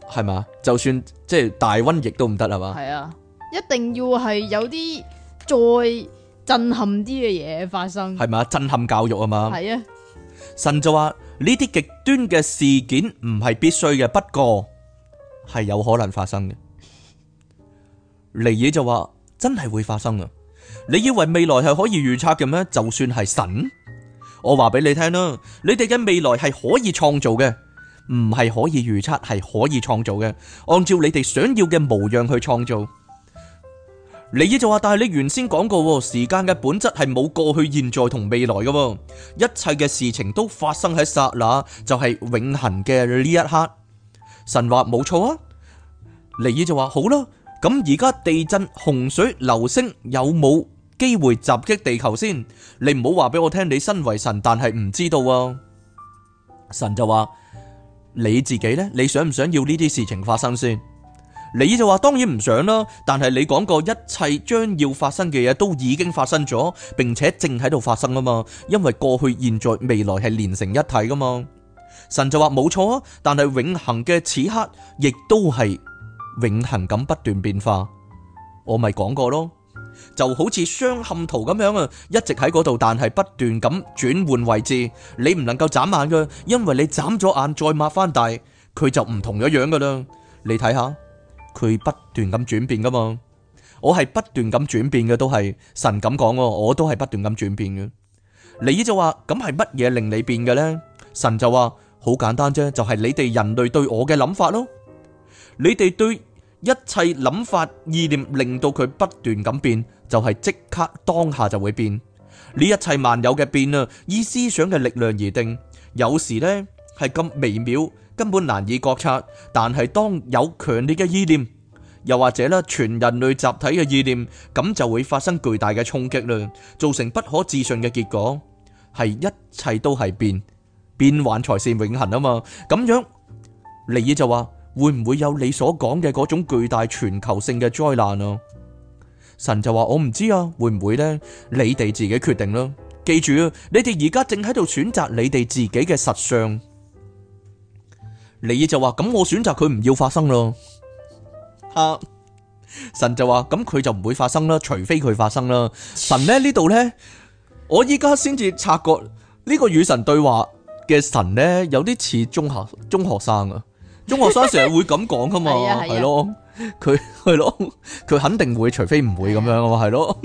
係嘛？就算即係、就是、大瘟疫都唔得係嘛？係啊，一定要係有啲再震撼啲嘅嘢發生，係咪？震撼教育啊嘛？係啊，神就話。呢啲極端嘅事件唔係必須嘅，不過係有可能發生嘅。尼爾就話真係會發生啊！你以為未來係可以預測嘅咩？就算係神，我話俾你聽啦，你哋嘅未來係可以創造嘅，唔係可以預測，係可以創造嘅，按照你哋想要嘅模樣去創造。尼爾就話：但係你原先講過時間嘅本質係冇過去、現在同未來嘅，一切嘅事情都發生喺剎那，就係永恆嘅呢一刻。神話冇錯啊，尼爾就話：好啦，咁而家地震、洪水、流星有冇機會襲擊地球先？你唔好話俾我聽，你身為神但係唔知道啊。神就話：你自己呢，你想唔想要呢啲事情發生先？你就話，當然唔想啦，但係你講過一切將要發生嘅嘢都已經發生咗，並且正喺度發生啊嘛。因為過去、現在、未來係連成一體噶嘛。神就話，冇錯啊，但係永恆嘅此刻亦都係永恆咁不斷變化。我咪講過咯，就好似雙嵌圖咁樣啊，一直喺嗰度，但係不斷咁轉換位置。你唔能夠眨眼噶，因為你眨咗眼再擘翻大，佢就唔同一樣噶啦。你睇下。佢不斷咁轉變噶嘛，我係不斷咁轉變嘅，都係神咁講，我都係不斷咁轉變嘅。你就話咁係乜嘢令你變嘅呢？神就話好簡單啫，就係你哋人類對我嘅諗法咯。你哋對一切諗法意念，令到佢不斷咁變，就係即刻當下就會變。呢一切萬有嘅變啊，以思想嘅力量而定。有時呢係咁微妙。根本難以覺察，但係當有強烈嘅意念，又或者咧全人類集體嘅意念，咁就會發生巨大嘅衝擊啦，造成不可置信嘅結果，係一切都係變，變幻才是永恒啊嘛！咁樣，利爾就話：會唔會有你所講嘅嗰種巨大全球性嘅災難啊？神就話：我唔知啊，會唔會呢？你哋自己決定囉。記住啊，你哋而家正喺度選擇你哋自己嘅實相。你就話咁，我選擇佢唔要發生咯。啊，神就話咁，佢就唔會發生啦，除非佢發生啦。神咧呢度咧， 我依家先至察覺呢個與神對話嘅神咧，有啲似中學中學生啊。中學生成日會咁講噶嘛，係咯， 佢係咯，佢肯定會，除非唔會咁樣啊嘛，係咯。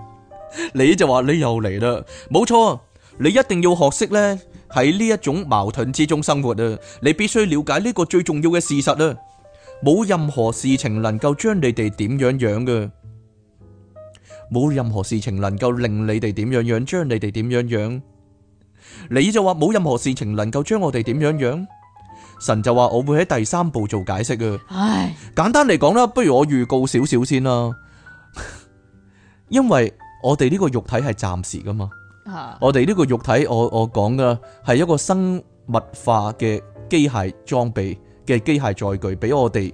你就話你又嚟啦，冇錯，你一定要學識咧。喺呢一種矛盾之中生活啊！你必須了解呢個最重要嘅事實啊！冇任何事情能夠將你哋點樣樣嘅，冇任何事情能夠令你哋點樣樣，將你哋點樣樣。你就話冇任何事情能夠將我哋點樣樣？神就話我會喺第三步做解釋嘅。唉，簡單嚟講啦，不如我預告少少先啦，因為我哋呢個肉體係暫時噶嘛。我哋呢個肉體，我我講噶係一個生物化嘅機械裝備嘅機械載具，俾我哋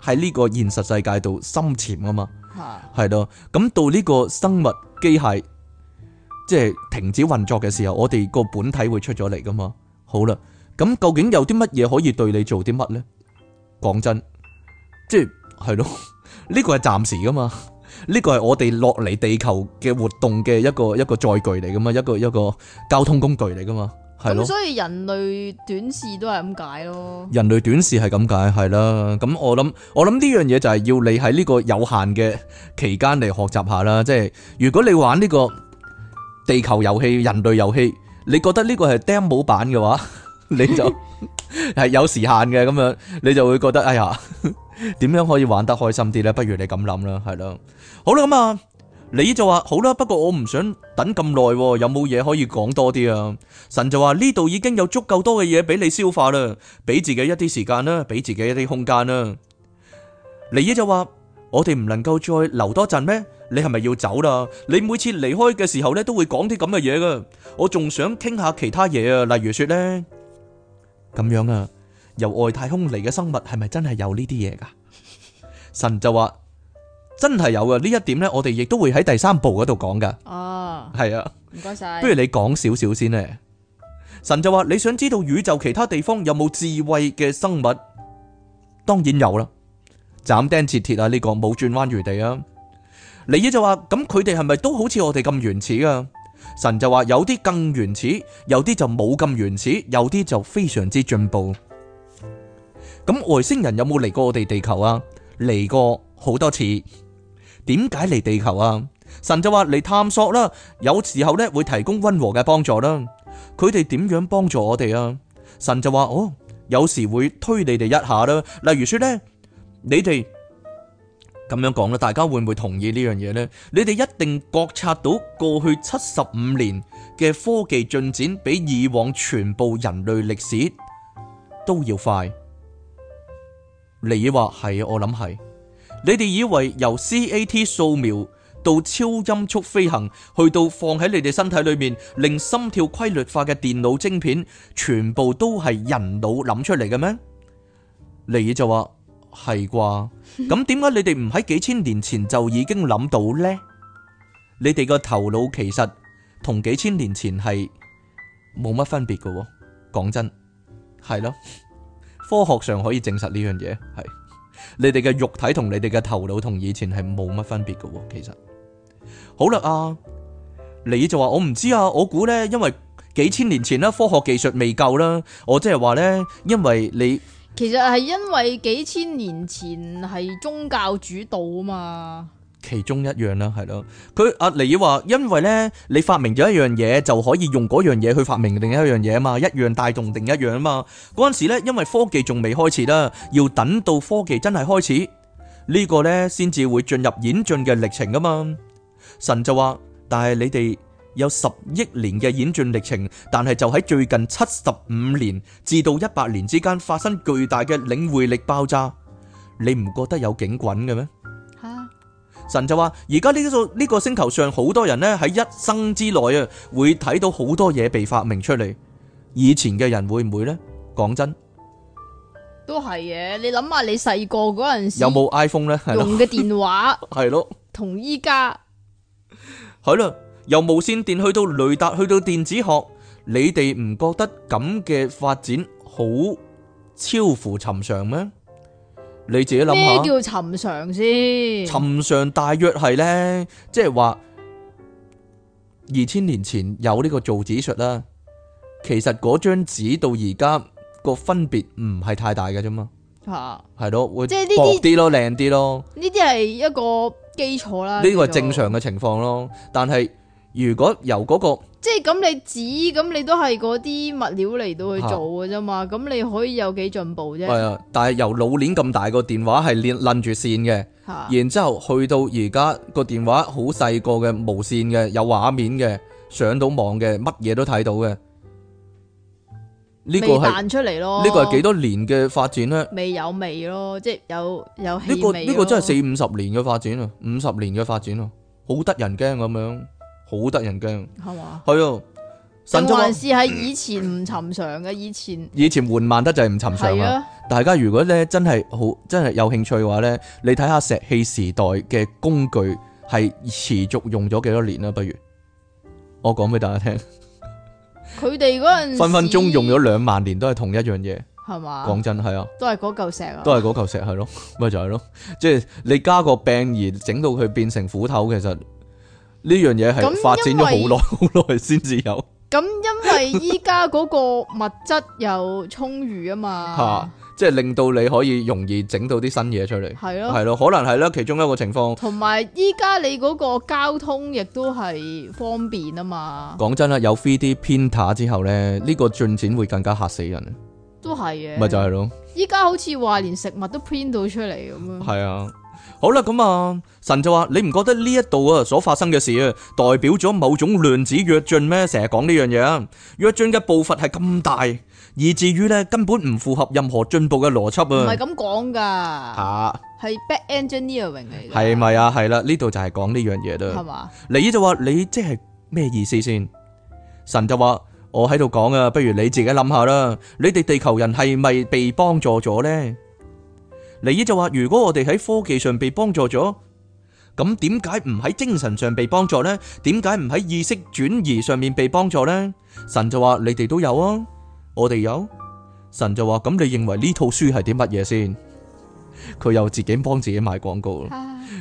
喺呢個現實世界度深潛啊嘛，係咯。咁到呢個生物機械即係停止運作嘅時候，我哋個本體會出咗嚟噶嘛。好啦，咁究竟有啲乜嘢可以對你做啲乜咧？講真，即係係咯，呢個係暫時噶嘛。呢個係我哋落嚟地球嘅活動嘅一個一個載具嚟噶嘛，一個一個交通工具嚟噶嘛，係咯。咁所以人類短視都係咁解咯。人類短視係咁解係啦。咁我諗我諗呢樣嘢就係要你喺呢個有限嘅期間嚟學習下啦。即係如果你玩呢個地球遊戲、人類遊戲，你覺得呢個係 demo 版嘅話，你就。係有時限嘅咁樣，你就會覺得哎呀，點 樣可以玩得開心啲呢？不如你咁諗啦，係咯，好啦咁啊，尼就話好啦，不過我唔想等咁耐，有冇嘢可以講多啲啊？神就話呢度已經有足夠多嘅嘢俾你消化啦，俾自己一啲時間啦，俾自己一啲空間啦。尼爾就話我哋唔能夠再留多陣咩？你係咪要走啦？你每次離開嘅時候呢，都會講啲咁嘅嘢㗎，我仲想傾下其他嘢啊，例如說呢。咁樣啊，由外太空嚟嘅生物係咪真係有呢啲嘢噶？ 神就話真係有、哦、啊，呢一點呢，我哋亦都會喺第三部嗰度講噶。哦，係啊，唔該晒。不如你講少少先呢。神就話你想知道宇宙其他地方有冇智慧嘅生物，當然有啦。斬釘切鐵啊，呢、這個冇轉彎餘地啊。尼爾就話咁佢哋係咪都好似我哋咁原始啊？神就話有啲更原始，有啲就冇咁原始，有啲就非常之進步。咁外星人有冇嚟過我哋地球啊？嚟過好多次。點解嚟地球啊？神就話嚟探索啦。有時候咧會提供温和嘅幫助啦。佢哋點樣幫助我哋啊？神就話哦，有時會推你哋一下啦。例如說呢：「你哋。咁樣講咧，大家會唔會同意呢樣嘢呢？你哋一定覺察到過去七十五年嘅科技進展，比以往全部人類歷史都要快。尼爾話：係，我諗係。你哋以為由 CAT 掃描到超音速飛行，去到放喺你哋身體裏面令心跳規律化嘅電腦晶片，全部都係人腦諗出嚟嘅咩？尼爾就話。係啩？咁點解你哋唔喺幾千年前就已經諗到呢？你哋個頭腦其實同幾千年前係冇乜分別噶喎。講真，係咯，科學上可以證實呢樣嘢，係你哋嘅肉體同你哋嘅頭腦同以前係冇乜分別噶喎。其實好啦啊，你就話我唔知啊，我估呢，因為幾千年前啦，科學技術未夠啦，我即係話呢，因為你。其實係因為幾千年前係宗教主導啊嘛，其中一樣啦，係咯。佢阿尼話，因為咧你發明咗一樣嘢，就可以用嗰樣嘢去發明另一樣嘢啊嘛，一樣帶動另一樣啊嘛。嗰陣時咧，因為科技仲未開始啦，要等到科技真係開始呢個咧，先至會進入演進嘅歷程噶嘛。神就話，但係你哋。有十億年嘅演進歷程，但係就喺最近七十五年至到一百年之間發生巨大嘅領會力爆炸，你唔覺得有景滾嘅咩？吓！神就話：而家呢個呢個星球上好多人呢，喺一生之內啊，會睇到好多嘢被發明出嚟。以前嘅人會唔會呢？講真，都係嘅。你諗下，你細個嗰陣時有冇 iPhone 呢？用嘅電話係咯，同依家係咯。由無線電去到雷達，去到電子學，你哋唔覺得咁嘅發展好超乎尋常咩？你自己諗下。咩叫尋常先？尋常大約係咧，即係話二千年前有呢個造紙術啦。其實嗰張紙到而家個分別唔係太大嘅啫嘛。吓、啊，係咯，會即係薄啲咯，靚啲咯。呢啲係一個基礎啦。呢個係正常嘅情況咯，啊、但係。如果由嗰個即係咁，你紙咁，你都係嗰啲物料嚟到去做嘅啫嘛。咁你可以有幾進步啫？係啊，但係由老年咁大個電話係連住線嘅，然之後去到而家個電話好細個嘅無線嘅，有畫面嘅，上到網嘅，乜嘢都睇到嘅呢個係彈出嚟咯。呢個係幾多年嘅發展咧？未有未咯，即係有有呢個呢個真係四五十年嘅發展啊，五十年嘅發展啊，好得人驚咁樣。好得人驚，係嘛？係吧哦，同埋是係以前唔尋常嘅，以前以前緩慢得就係唔尋常嘅。啊、大家如果咧真係好，真係有興趣嘅話咧，你睇下石器時代嘅工具係持續用咗幾多年啦、啊？不如我講俾大家聽，佢哋嗰陣時分分鐘用咗兩萬年都係同一樣嘢，係嘛吧？講真係啊，都係嗰嚿石啊，都係嗰嚿石係咯，咪就係、是、咯，即、就、係、是、你加個病而整到佢變成斧頭，其實。呢樣嘢係發展咗好耐好耐先至有，咁因為依家嗰個物質又充裕啊嘛，吓、 啊，即係令到你可以容易整到啲新嘢出嚟，係咯、啊，係咯、啊，可能係啦，其中一個情況，同埋依家你嗰個交通亦都係方便啊嘛。講真啦，有 3D printer 之後咧，呢、嗯、個進展會更加嚇死人，都係嘅，咪就係咯。依家好似話連食物都 print 到出嚟咁樣，係啊。好啦，咁啊，神就話：你唔覺得呢一度啊所發生嘅事啊，代表咗某種量子躍進咩？成日講呢樣嘢啊，躍進嘅步伐係咁大，以至於咧根本唔符合任何進步嘅邏輯啊！唔係咁講噶，吓係 back engineering 嚟，係咪啊？係啦，呢度就係講呢樣嘢啦。係嘛？你就話：你即係咩意思先？神就話：我喺度講啊，不如你自己諗下啦。你哋地球人係咪被幫助咗咧？尼依就話：如果我哋喺科技上被幫助咗，咁點解唔喺精神上被幫助呢？點解唔喺意識轉移上面被幫助呢？神就話：你哋都有啊，我哋有啊。神就話：咁你認為呢套書係啲乜嘢先？佢又自己幫自己賣廣告。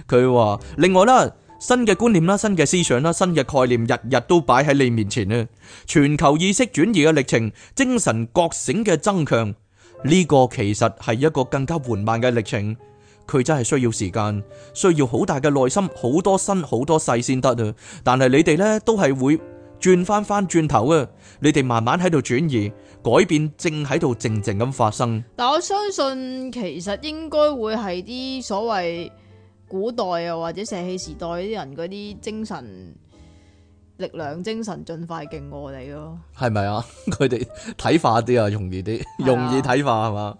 佢話：另外啦，新嘅觀念啦，新嘅思想啦，新嘅概念，日日都擺喺你面前咧。全球意識轉移嘅歷程，精神覺醒嘅增強。呢個其實係一個更加緩慢嘅歷程，佢真係需要時間，需要好大嘅耐心，好多新好多世先得啊。但係你哋呢都係會轉翻翻轉頭啊，你哋慢慢喺度轉移改變，正喺度靜靜咁發生。但我相信，其實應該會係啲所謂古代啊，或者石器時代啲人嗰啲精神。力量、精神，盡快勁過我哋咯。係咪啊？佢哋睇化啲啊，容易啲，啊、容易睇化係嘛？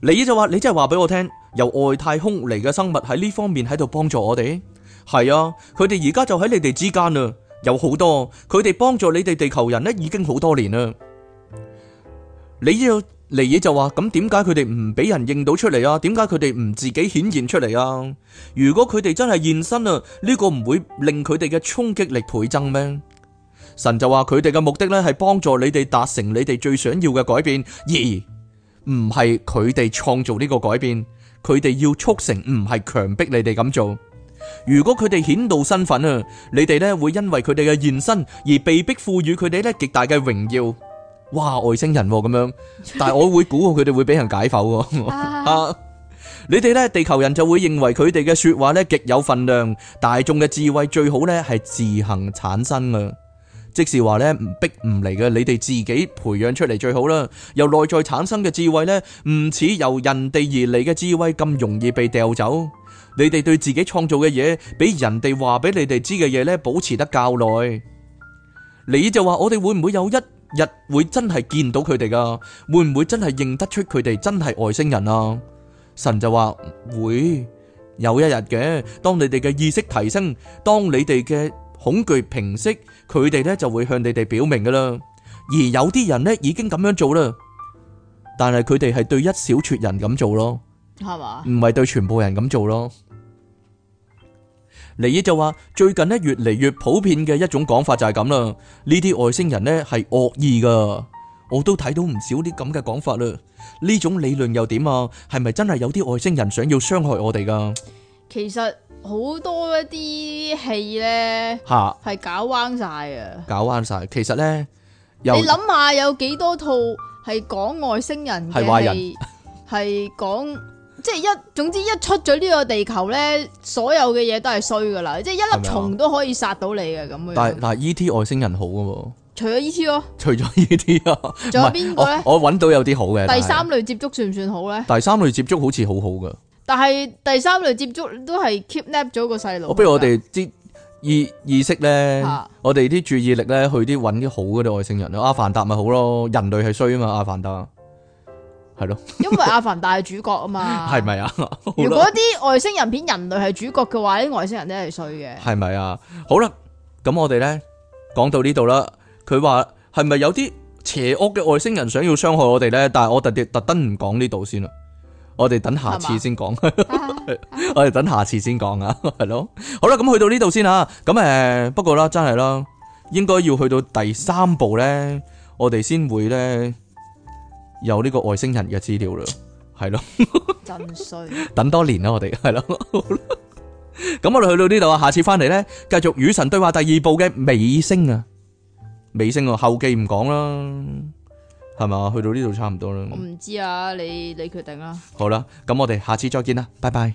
你就話，你真係話俾我聽，由外太空嚟嘅生物喺呢方面喺度幫助我哋。係啊，佢哋而家就喺你哋之間啊，有好多佢哋幫助你哋地球人呢，已經好多年啦。你要。尼爾就話：咁點解佢哋唔俾人認到出嚟啊？點解佢哋唔自己顯現出嚟啊？如果佢哋真係現身啊，呢個唔會令佢哋嘅衝擊力倍增咩？神就話：佢哋嘅目的咧係幫助你哋達成你哋最想要嘅改變，而唔係佢哋創造呢個改變。佢哋要促成，唔係強迫你哋咁做。如果佢哋顯露身份啊，你哋咧會因為佢哋嘅現身而被迫賦予佢哋咧極大嘅榮耀。哇，外星人咁樣，但係我會估佢哋會俾人解剖。啊，你哋呢地球人就會認為佢哋嘅說話呢極有分量，大眾嘅智慧最好呢係自行產生啊，即是話呢唔逼唔嚟嘅，你哋自己培養出嚟最好啦。由內在產生嘅智慧呢，唔似由人哋而嚟嘅智慧咁容易被掉走。你哋對自己創造嘅嘢，比人哋話俾你哋知嘅嘢呢保持得較耐。你就話我哋會唔會有一？日會真係見到佢哋噶，會唔會真係認得出佢哋真係外星人啊？神就話會有一日嘅，當你哋嘅意識提升，當你哋嘅恐懼平息，佢哋呢就會向你哋表明噶啦。而有啲人呢已經咁樣做啦，但係佢哋係對一小撮人咁做咯，係咪？唔係對全部人咁做咯。你就話，最近咧越嚟越普遍嘅一種講法就係咁啦，呢啲外星人咧係惡意噶，我都睇到唔少啲咁嘅講法啦。呢種理論又點啊？係咪真係有啲外星人想要傷害我哋噶？其實好多一啲戲咧，吓係搞彎晒啊，搞彎晒。其實咧，有你諗下有幾多套係講外星人嘅，係講。即係一，總之一出咗呢個地球咧，所有嘅嘢都係衰噶啦！即係一粒蟲都可以殺到你嘅咁樣。但係但係 E.T. 外星人好噶、啊、喎。除咗 E.T. 咯。除咗 E.T. 啊，仲、啊、有邊個咧？我搵到有啲好嘅。第三類接觸算唔算好咧？第三類接觸好似好好噶。但係第三類接觸都係 keep nap 咗個細路。不如我哋啲、嗯、意意識咧，啊、我哋啲注意力咧，去啲搵啲好嗰啲外星人阿、啊、凡達咪好咯，人類係衰啊嘛，阿、啊、凡達。係咯， 因為阿凡達係主角啊嘛，係咪啊？如果啲外星人片人類係主角嘅話，啲外星人都係衰嘅，係咪啊？好啦，咁我哋咧講到呢度啦。佢話係咪有啲邪惡嘅外星人想要傷害我哋咧？但係我特特登唔講呢度先啦，我哋等下次先講，吧 我哋等下次先講啊，係 咯。好啦，咁去到呢度先吓，咁誒，不過啦，真係啦，應該要去到第三部咧，我哋先會咧。有呢個外星人嘅資料啦，係咯，真衰，等多年啦我哋，係咯，咁我哋去到呢度啊，下次翻嚟咧，繼續與神對話第二部嘅尾聲啊，尾聲啊，後記唔講啦，係咪？去到呢度差唔多啦，我唔知啊，你你決定啦，好啦，咁我哋下次再見啦，拜拜。